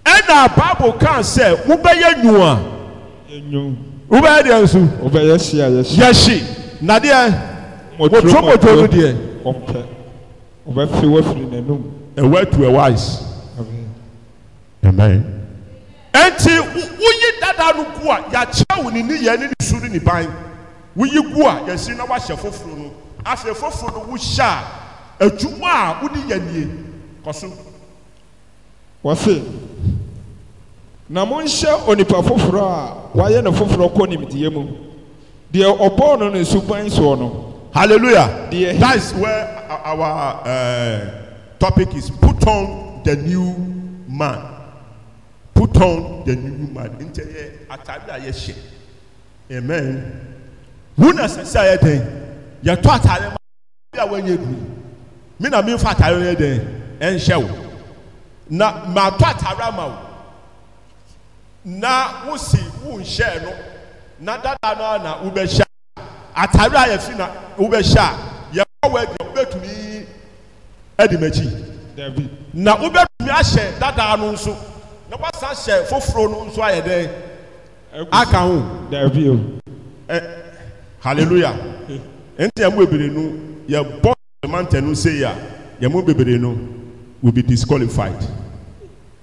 ɛna baabu kan sɛ wobɛyɛ nua wobɛyɛ deɛ nso wobɛyɛ hye a wɔturo mɔtɔ no deɛ ɔmpɛ ɔbɛfe wafiri n'anum ɛwɔ atu ɛwɔ ayis amen ɛnti woyi dada no gu a yɛakyerɛ wo ne ne yɛn ne ne su ne ne ban woyi gu a yɛsi na wahyɛ foforɔ no ahyɛ foforɔ no wohyɛ a adwuma a wode yɛ nie kɔ so wɔse na monhyɛ onipa foforɔ a wayɛ ne foforɔ kɔ nimdeɛ mu deɛ ɔbɔɔ no ne suban soɔ no Hallelujah. The, that is where our uh, topic is put on the new man. Put on the new man. Nti yɛ atade a yɛhyɛ. Amen. Wo na sɛ sɛ yɛ den. Yɛtɔ atade ma bi a wɔnyɛ duru. Mi na mi nfa atade yɛ den. Ɛnhyɛ wo. Na ma tɔ atade ama wo. Na wosi wo nhyɛ no. Na dada no a na wobɛhyɛ atare a yɛsi na wobɛhyɛ a yɛkɔ wɔ adi wobɛtumi adi m'akyi na wobɛtumi ahyɛ dadaa no nso na wasa hyɛ foforɔ no nso ayɛ dɛ aka ho ɛ hallelujah nti yɛn mu bebree no yɛbɔ mantɛ no se yia yɛn mu bebree no will be disqualified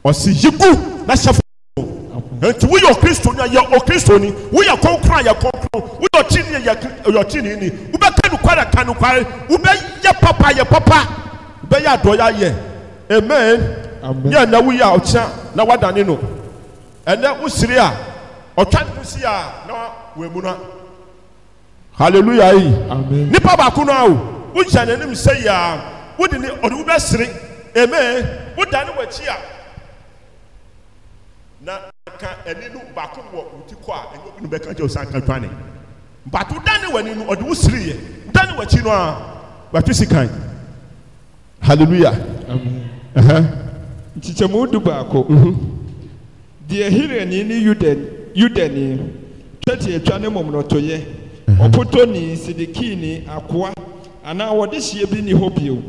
ɔsi yiku na hyɛ nti woyɛ ɔkristoni a yɛ ɔkristoni woyɛ kɔnkɔn a yɛ kɔnkɔn woyɛ ɔkyini a yɛ ɔkyini ni wobɛka nukwari ka nukwari wobɛyɛ papa yɛ papa wobɛyɛ adɔya yɛ amen yɛ ɛnɛ woyɛ a ɔkyea na wadane no ɛnɛ wosiri a ɔtwa ne si a na wɔamuna hallelujah yi nipa baako no awo wogyina n'anim sɛ yia ni ne ɔde wobɛsiri amen wodane w'akyi a na bɛka ɛni no baako wɔ wuti kɔ a ɛnyɛ obi no bɛka kyɛw san kan twane bato dani w'ani no ɔde wo siri yɛ dani w'akyi no a w'atu si kan hallelujah nkyekyɛmu du baako mhm. deɛ hirani ne yudani twɛte atwa ne mɔmɔtɔyɛ mhm. ɔpotoni sidikini akoa anaa wɔde hyia bi ni hɔ bio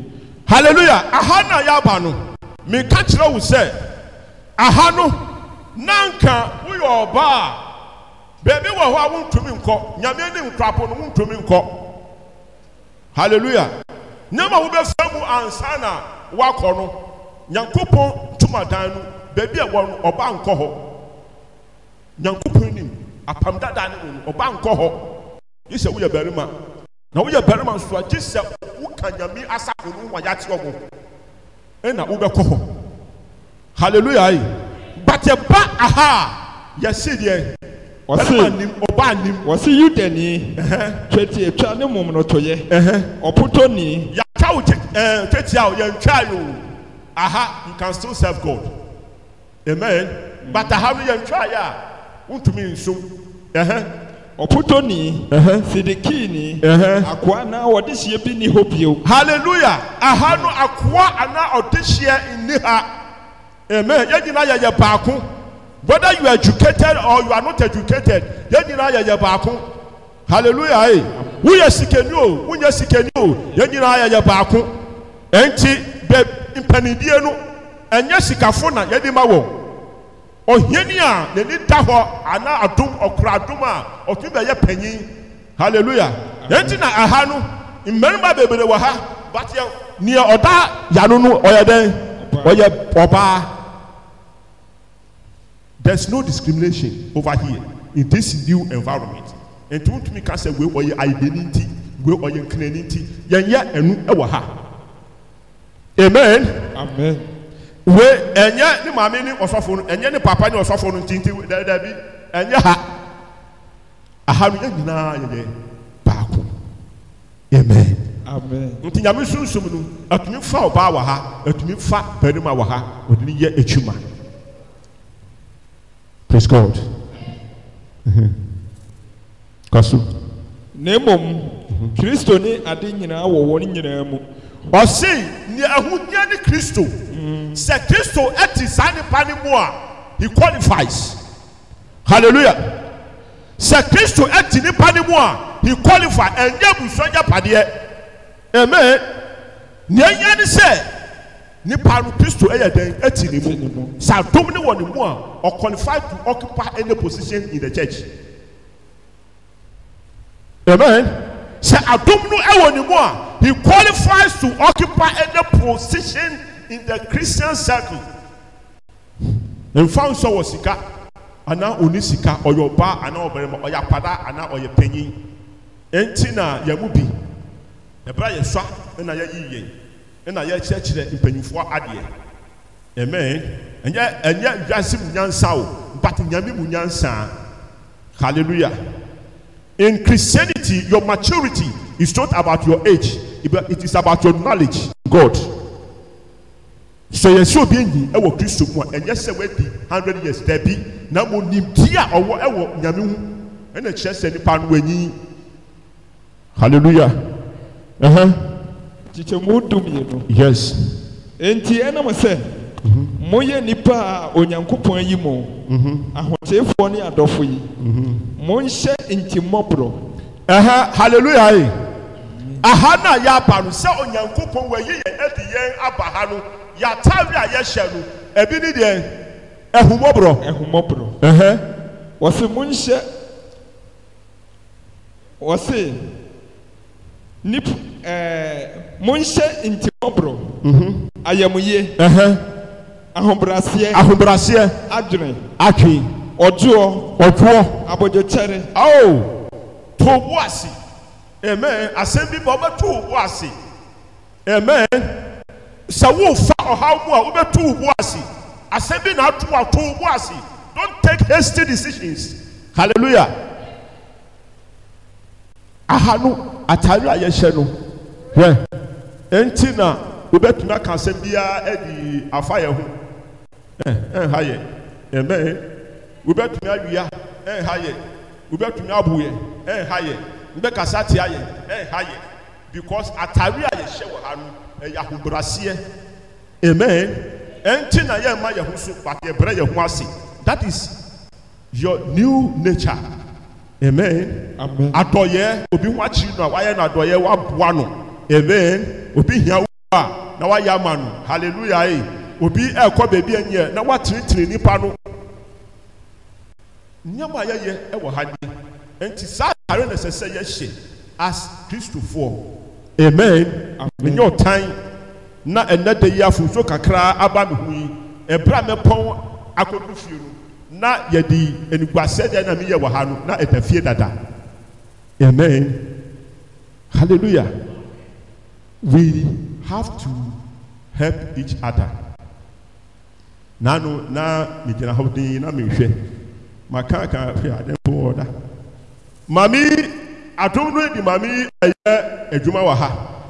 hallelujah aha na yaba no meka kyerɛ wo sɛ aha no. na nka woyɛ ɔbaa beebi wɔ hɔ a wontumi nkɔ nyame ne nkrapo no wontumi nkɔ hallelujah nyama wobɛfa mu ansa na woakɔ no nyankopɔn ntomadan no beebi a wɔn ɔbaa nkɔ hɔ nyankopɔn nim apam dada ne mu ɔbaa nkɔ hɔ yi sɛ woyɛ barima na woyɛ barima nso a gye sɛ woka nyame asafo no wa yɛate ɔmo ɛna wobɛkɔ hɔ hallelujah yi. yɛba aha yɛsi deɛ wɔsi ɔba anim wɔsi yudani twɛti etwa ne mom no to yɛ ɔpoto ni. yàtá o tẹ ẹ tẹtí a yẹn twẹ ayò aha you can still serve God amen mm. but aha mi yẹn twẹ ayé a ntumi nsum ɔpoto ni sidikii ni akoa na ɔdehyeɛ bi ni hɔ bio hallelujah aha no akoa ana ɔdehyeɛ nni ha. amen yɛn nyinaa yɛ yɛ baako whether you are educated or you are not educated yɛn nyinaa yɛ yɛ baako hallelujah ee woyɛ sikeni o wonyɛ sikeni o yɛn nyinaa yɛ yɛ baako ɛnti bɛ mpanidie no ɛnyɛ sikafo na yɛde ma wɔn ɔhiani a n'ani da họ ana adum ɔkura adum a ɔtun bɛ yɛ panyin hallelujah ɛnti na aha no mmarima bebree wɔ ha bate nea ɔda yano no ɔyɛ dɛn. ɔyɛ ɔbaa there is no discrimination over here in this new environment And ntuntumi kasa wei ɔyɛ ayideni nti wei ɔyɛ nkirani nti yɛn yɛ ɛnu ɛwɔ ha amen. amen. wei ɛnyɛ ne maame ne ɔsɔfo no ɛnyɛ ne papa ne ɔsɔfo no nti nti dɛdɛbi ɛnyɛ ha aha no yɛn nyinaa yɛ yɛ baako amen nti nyame sunsun no atumi fa ɔbaa wɔ ha atumi fa barima wɔ ha ɔde ne yɛ adwuma praise god mhm. kaso. na mmom kristo ne ade nyinaa wɔ wɔn nyinaa mu. ɔse nea ahonya ne kristo mm. sɛ kristo te saa nipa ne mu a he qualifies hallelujah sɛ kristo te nipa ne mu a he qualifies ɛnyɛ abusua gyapadeɛ amen nea ɛyɛ ne sɛ nipa no kristo ɛyɛ dɛn ɛti ne mu sa dom ne wɔ ne mu a ɔqualified to occupy any position in the church amen sɛ adom no ɛwɔ ne mu a he qualifies to occupy any position in the christian circle nfa nsɔ wɔ sika ana oni sika ɔyɛ ɔbaa ana ɔbɛrima ɔyɛ apada ana ɔyɛ panyin ɛnti na bi. ɛbɛrɛ yɛ sa ɛna ena yɛn ɛna yɛkyerɛkyerɛ mpanyinfoɔ adeɛ amen ɛnyɛ ɛnyɛ wiase mu nyansa o but nyame mu nyansa hallelujah in christianity your maturity is not about your age it is about your knowledge god sɛ yɛn sɛ obi enyi ɛwɔ kristo mu a ɛnyɛ sɛ wadi hundred years debi na mo nimdi a ɔwɔ ɛwɔ ena ho ɛna kyerɛ sɛ nipa hallelujah. kyekyɛmu uh-huh. du mmienu yes nti ɛnam mm-hmm. sɛ moyɛ nnipa a onyankopɔn ayi mo mm-hmm. ahokyeefoɔ ne adɔfo yi monhyɛ mm-hmm. ntimmɔborɔ ɛhɛ uh-huh. halleluya yi aha na yɛaba no sɛ onyankopɔn wɔayi yɛn adi yɛn aba ha no yɛatare a yɛhyɛ no ebi ne deɛ ɛhumɔborɔ ɛhumɔborɔ ɛhɛ uh-huh. wɔsi monhyɛ wɔsi nipa ɛɛ eh, monhyɛ ntimɔborɔ mhm. ayamuye ahobraseɛ ahobraseɛ adwene atwe ɔdoɔ ɔdoɔ abɔdwokyɛre ao to wo ase amen asɛm bi ba wobɛto wo ase amen sɛ wofa ɔhaw mu a wobɛto wo ase asɛm bi na ato ato wo ase don't take hasty decisions hallelujah ahanu no atare a yɛhyɛ no E enti na wobɛtumi aka asɛm biara adi afa yɛn ho eh. ɛnha yɛ ɛmɛn wobɛtumi awia ɛnha yɛ wobɛtumi abo yɛ ɛnha yɛ wobɛkasa tia yɛ ɛnha yɛ because atare a yɛhyɛ wɔ ha no ɛyɛ ahobraseɛ ɛmɛn ɛnti na yɛn ma yɛn ho so but yɛbrɛ ya ho ase that is your new nature amen adɔyɛ obi ho akyiri no a wayɛ no adɔyɛ waboa no. amen obi hia wo a na wayɛ ama no hallelujah eh. obi ɛkɔ beebi ɛnyɛ na watenetene nipa no nneɛma a yɛyɛ ɛwɔ ha ni nti saa atare na ɛsɛ sɛ yɛhyɛ as kristofoɔ amen ɛnyɛ ɔtan na ɛnɛ de yi afunso kakra aba mi ho yi ɛbra mi pɔn akɔdu fie no na yɛde eniguasɛ deɛ na mi yɛ wɔ ha no na ɛda fie dada amen hallelujah. we have to help each other nanu na megyina hɔ dinn na mehwɛ maka ka hwɛ ade mpo wɔ da maame atom no edi maame ɛyɛ adwuma wɔ ha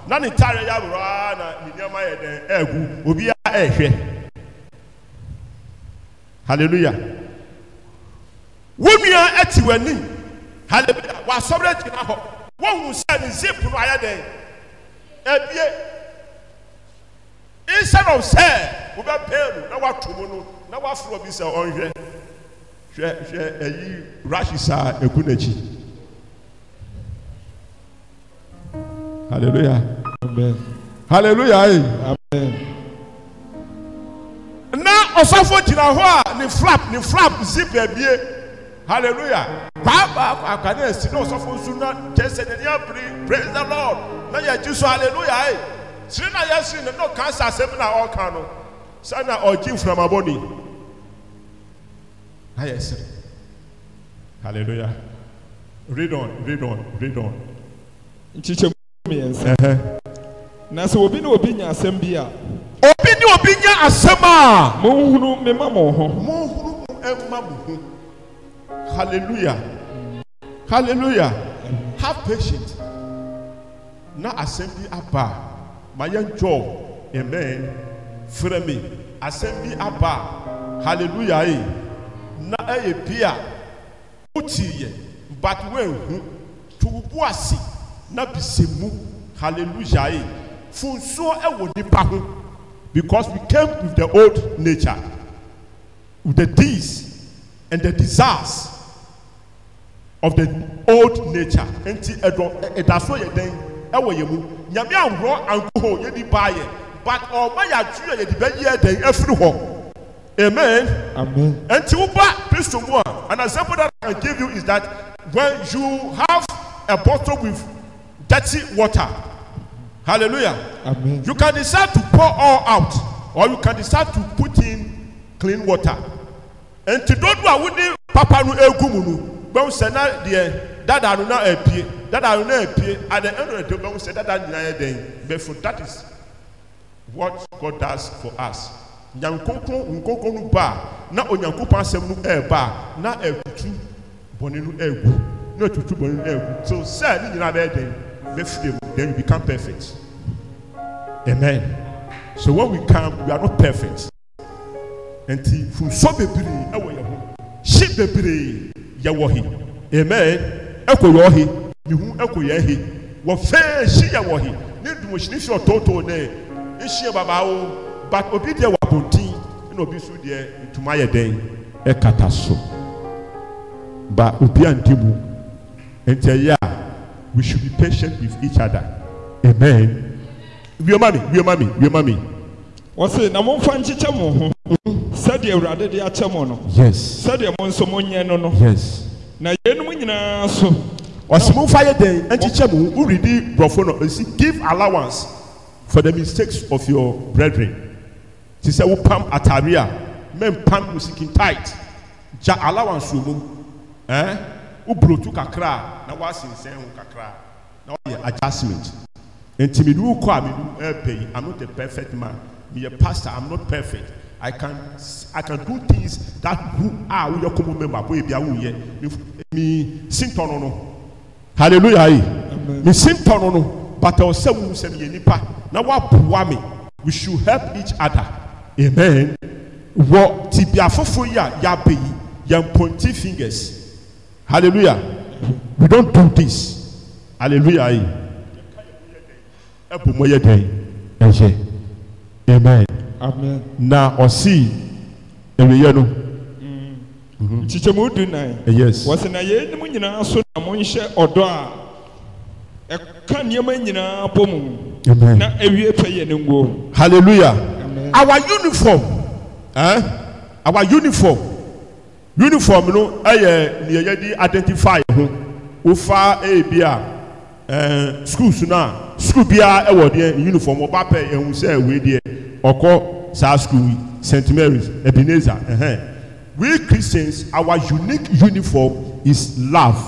na ne taare yɛ aworɔ na ne nneɛma yɛ dɛn ɛɛgu obiara ɛɛhwɛ hallelujah wɔn nua ɛte anim hallelujah wɔasɔre gyina hɔ wɔn ho sɛ ne zip no ayɛ dɛn. ebie instead of sɛ wobɛ pɛɛlu na wato mu no na waforo bi sɛ ɔnhwɛ hwɛ hwɛ ɛyi rashis a egu n'akyi hallelujah amen hallelujah ayi eh? amen na ɔsɔfo gyina hɔ a ne flap ne flap zip ebie. hallelujah pàápàá àkànní èsì na sọ fún sunu náà jẹsẹ ní ní praise the lord Na yẹ jí so hallelujah ẹ eh. sini náà yẹ si nínú kansa asẹmu náà ọkàn no sanni ọjí nfunamabọ ni náà yẹ sini hallelujah read on read on read on. nkyikyɛ mu mmiɛnsa na sɛ obi ne obi nya asɛm bi a. obi ne obi nya asɛm a. mo nhunu mi ma mo ho. mo nhunu mi ma mo ho. Hallelujah. Hallelujah. Have patience. Na asɛm bi aba ma yɛn twɔ amen frɛ me asɛm aba hallelujah yi eh. na ɛyɛ bi a wotii yɛ but woanhu to eh. e wo ase na bisɛ mu hallelujah yi funsuo ɛwɔ nipa ho because we came with the old nature with the deeds and the desires of the old nature nti ɛdɔ ɛdaso e, yɛ dɛn ɛwɔ yɛ mu nyame ahorɔ ankoho yɛ di baa yɛ but ɔma yɛ atu yɛ yɛ di bɛ yɛ dɛn ɛfiri hɔ amen amen nti wo ba kristo mu a an example that i can give you is that when you have a bottle with dirty water hallelujah amen you can decide to pour all out or you can decide to put in clean water nti dodo a wo ni papa no egu mu no bɛn sɛ na deɛ dada no na apie dada no na apie at the end of the day bɛn sɛ dada nyinaa yɛ den bɛfo that is what God does for us nyankonkon nkonkon no ba na onyankopɔn asɛm no ɛɛba na ɛtutu bɔnne no ɛɛgu na ɛtutu bɔnne no ɛɛgu so sɛ ne nyinaa bɛyɛ den bɛfiri mu then you become perfect amen so when we come we are not perfect nti funso bebree ɛwɔ yɛn ho hye bebree yɛwɔ he amen ɛkɔ yɛ ɔhe ne ɛkɔ yɛ he wɔfɛɛ hyi yɛwɔ he ne dumohyini hyi ɔtɔɔtɔɔ nɛ ehyia babaawo but obi deɛ wɔ abɔnten ɛna obi nso deɛ ntoma yɛ dɛn ɛkata so ba obi a nti mu nti ɛyɛ a we should be patient with each other amen wiemami wiemami wiemami. wọ́n sè na mo nfa nkyekyɛ mo ho. Mm sɛdeɛ awurade de akyɛ mo no yes sɛdeɛ mo nso mo nyɛ no no yes na yɛnum nyinaa so ɔsimu yɛ dɛ ɛnkyikyɛ mu wuridi borɔfo no esi give allowance for the mistakes of your brethren ti sɛ wopam atare a mɛmpam wo sikin tight gya allowance wɔ mu ɛn eh? wobrotu kakra na wasensɛn ho kakra na wayɛ adjustment nti mi ni wokɔ a mi ɛɛpɛ eh, yi i'm not a perfect man mi pastor i'm not perfect. I can I can do things that who are who your common member boy be who ye me sin tono no hallelujah me sin tono no but I say who say me nipa na wa bua me we should help each other amen wɔ tibi afoforo yi a yabe yi yɛn pointing fingers hallelujah we don't do this hallelujah yi ɛbɔ mo yɛ dɛ ɛyɛ amen amen na ɔsi ewiyɛ no. Mm. nkyikyɛmu mhm. du nan. yes wɔsi na yɛn anim nyinaa so na mo nhyɛ ɔdɔ a ɛka nneɛma nyinaa bɔ mu. amen na ewie pɛ yɛ ne ngo. hallelujah amen our uniform eh? our uniform uniform no ɛyɛ nea yɛde identify ho wofa ebi a ɛɛ eh, schools no a school bia ɛwɔ deɛ uniform ɔba pɛ ɛhun sɛ ɛwɛ deɛ ɔkɔ saa school yi st mary's ebenezer uh -huh. we christians our unique uniform is love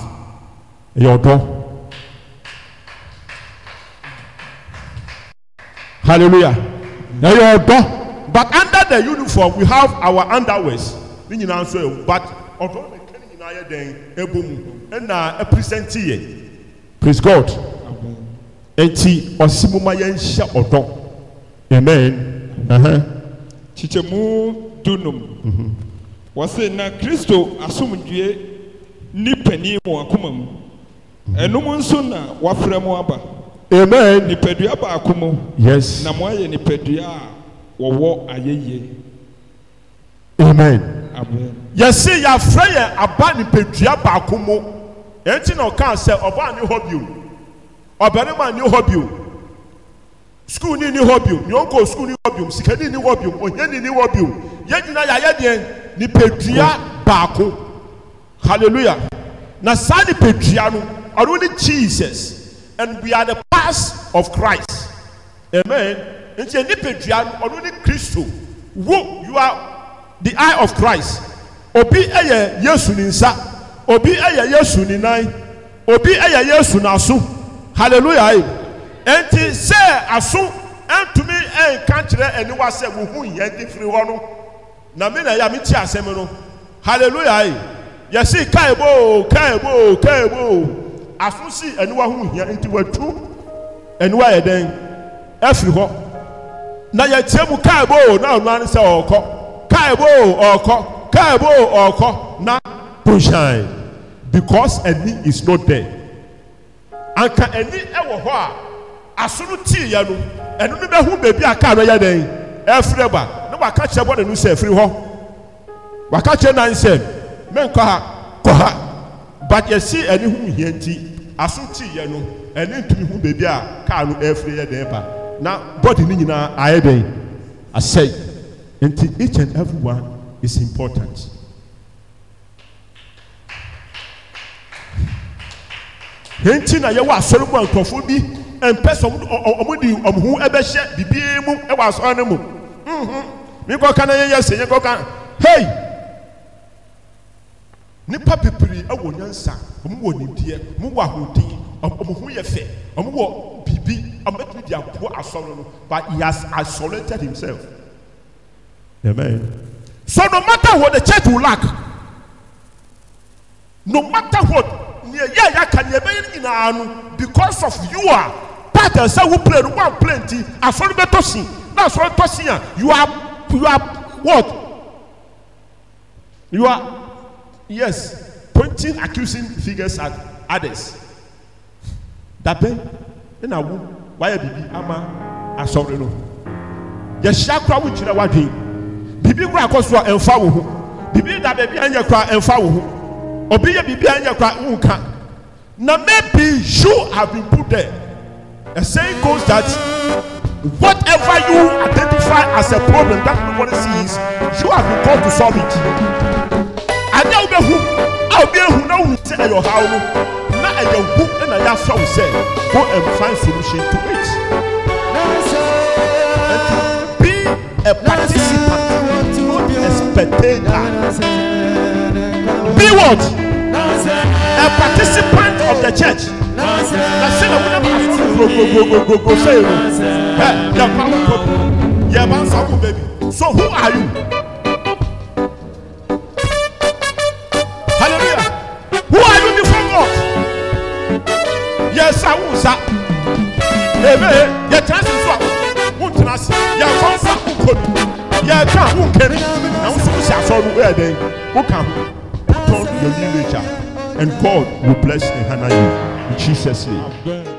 ẹ̀yọ̀ ọ̀dọ́ hallelujah ẹ̀yọ̀ ọ̀dọ́ but under the uniform we have our underwears ní nyinaa nso yẹ but ọ̀dọ́ ní kẹ́ni nyinaa yẹ dẹ́n ebo mu ẹ̀na ẹ̀ present yẹ praise god ẹ̀ ti ọ̀sìn mu ma yẹn ń amen. Uh -huh. kyekyɛmu dunum wɔse na kristo asomdue ne panin mu akoma mu ɛnum nso na wafrɛ mu aba amen nipadua baako mu yes na mo ayɛ nipadua a wɔwɔ ayɛyie amen amen yɛsi yafrɛ yɛ aba nipadua baako mu eti na ɔka sɛ ɔbaa ni hɔ bio ɔbɛrima ni hɔ sukuu ni ni hɔ biom nea ɔnkɔ sukuu ni hɔ biom sikani ni hɔ biom onye ni ni hɔ biom yɛn nyinaa yɛayɛ deɛ nipadua baako hallelujah na saa nipadua no ɔno ne jesus and we are the pass of christ amen nti nipadua no ɔno ne kristo wo you are the eye of christ obi yɛ yesu ne nsa obi yɛ yesu ne nan obi yɛ yesu n'aso hallelujah nti sɛ aso ntumi nka kyerɛ aniwa sɛ wohu yɛn de firi hɔ no na mi na yɛ a me ti asɛm no hallelujah yi yɛsi kaebo kaebo kaebo aso si aniwa ho hia nti watu aniwa yɛ dɛn ɛfiri hɔ na yɛtie mu kaebo na ɔno ano sɛ ɔɔkɔ kaebo ɔɔkɔ kaebo ɔɔkɔ na punshan because ani is not there anka ani ɛwɔ hɔ a asono tii yɛ no ɛno no bɛhu baabi a kaa no yɛ dɛn ɛfiri ba ne waka kyerɛ bɔ ne sɛ ɛfiri hɔ waka kyerɛ nan sɛ menkɔ ha kɔ ha but yɛsi ɛne ho hia nti asono tii yɛ no ɛne ntumi hu baabi a kaa no ɛfiri yɛ dɛn ba na bɔdi ne nyinaa ayɛ dɛn asɛe nti each and every one is important. henti na yɛwɔ asɔre mu a nkurɔfoɔ bi mpɛ sɛ ɔmo de ɔmo ho ɛbɛhyɛ bibie mu ɛwɔ asɔre no mu nhun mhm. mikɔ ka na yɛ yɛ se yɛ kɔ ka hei nipa bebree ɛwɔ nyansa ɔmo wɔ nimdeɛ ɔmo wɔ ahoɔden ɔmo ho yɛ fɛ ɔmo wɔ biribi ɔmo ɛtumi de aboɔ asɔre no but he has isolated himself amen so no matter what the church will lack no matter what nea yɛ yɛ aka nea ɛbɛyɛ no nyinaa no because of you a part a sɛ wo play no one play nti asɔre bɛtɔ si na asɔre tɔ si a you are you are what you are yes pointing accusing figures at others dabe ɛna wo wayɛ bibi ama asɔre no yɛhyia kora wo kyerɛ wadwen bibi kora akɔ so a ɛnfa wo ho bibi da baabi anyɛ kora ɛnfa wo ho obi yɛ biribi anyɛ kwa nka na maybe you have been put there A saying goes that whatever you identify as a problem that nobody sees you have been called to solve it ade a wobɛhu a obi ehu na ohun sɛ ɛyɛ ɔhaw no na ɛyɛ hu ɛna yɛ afɔ sɛ go and find solution to it and be a participant not a spectator be what? A participant of the church. That's it. I would never have to go, go, go, go, go, say it. Yeah, man, so baby. So who are you? Hallelujah. Who are you before God? Yes, I will, sir. Amen. Your chance is up. Won't you ask? Your chance is up. Your chance, who can it? Now, so much I saw the way then. Who can? turn your new nature. And God will bless and honor you. In Jesus' name.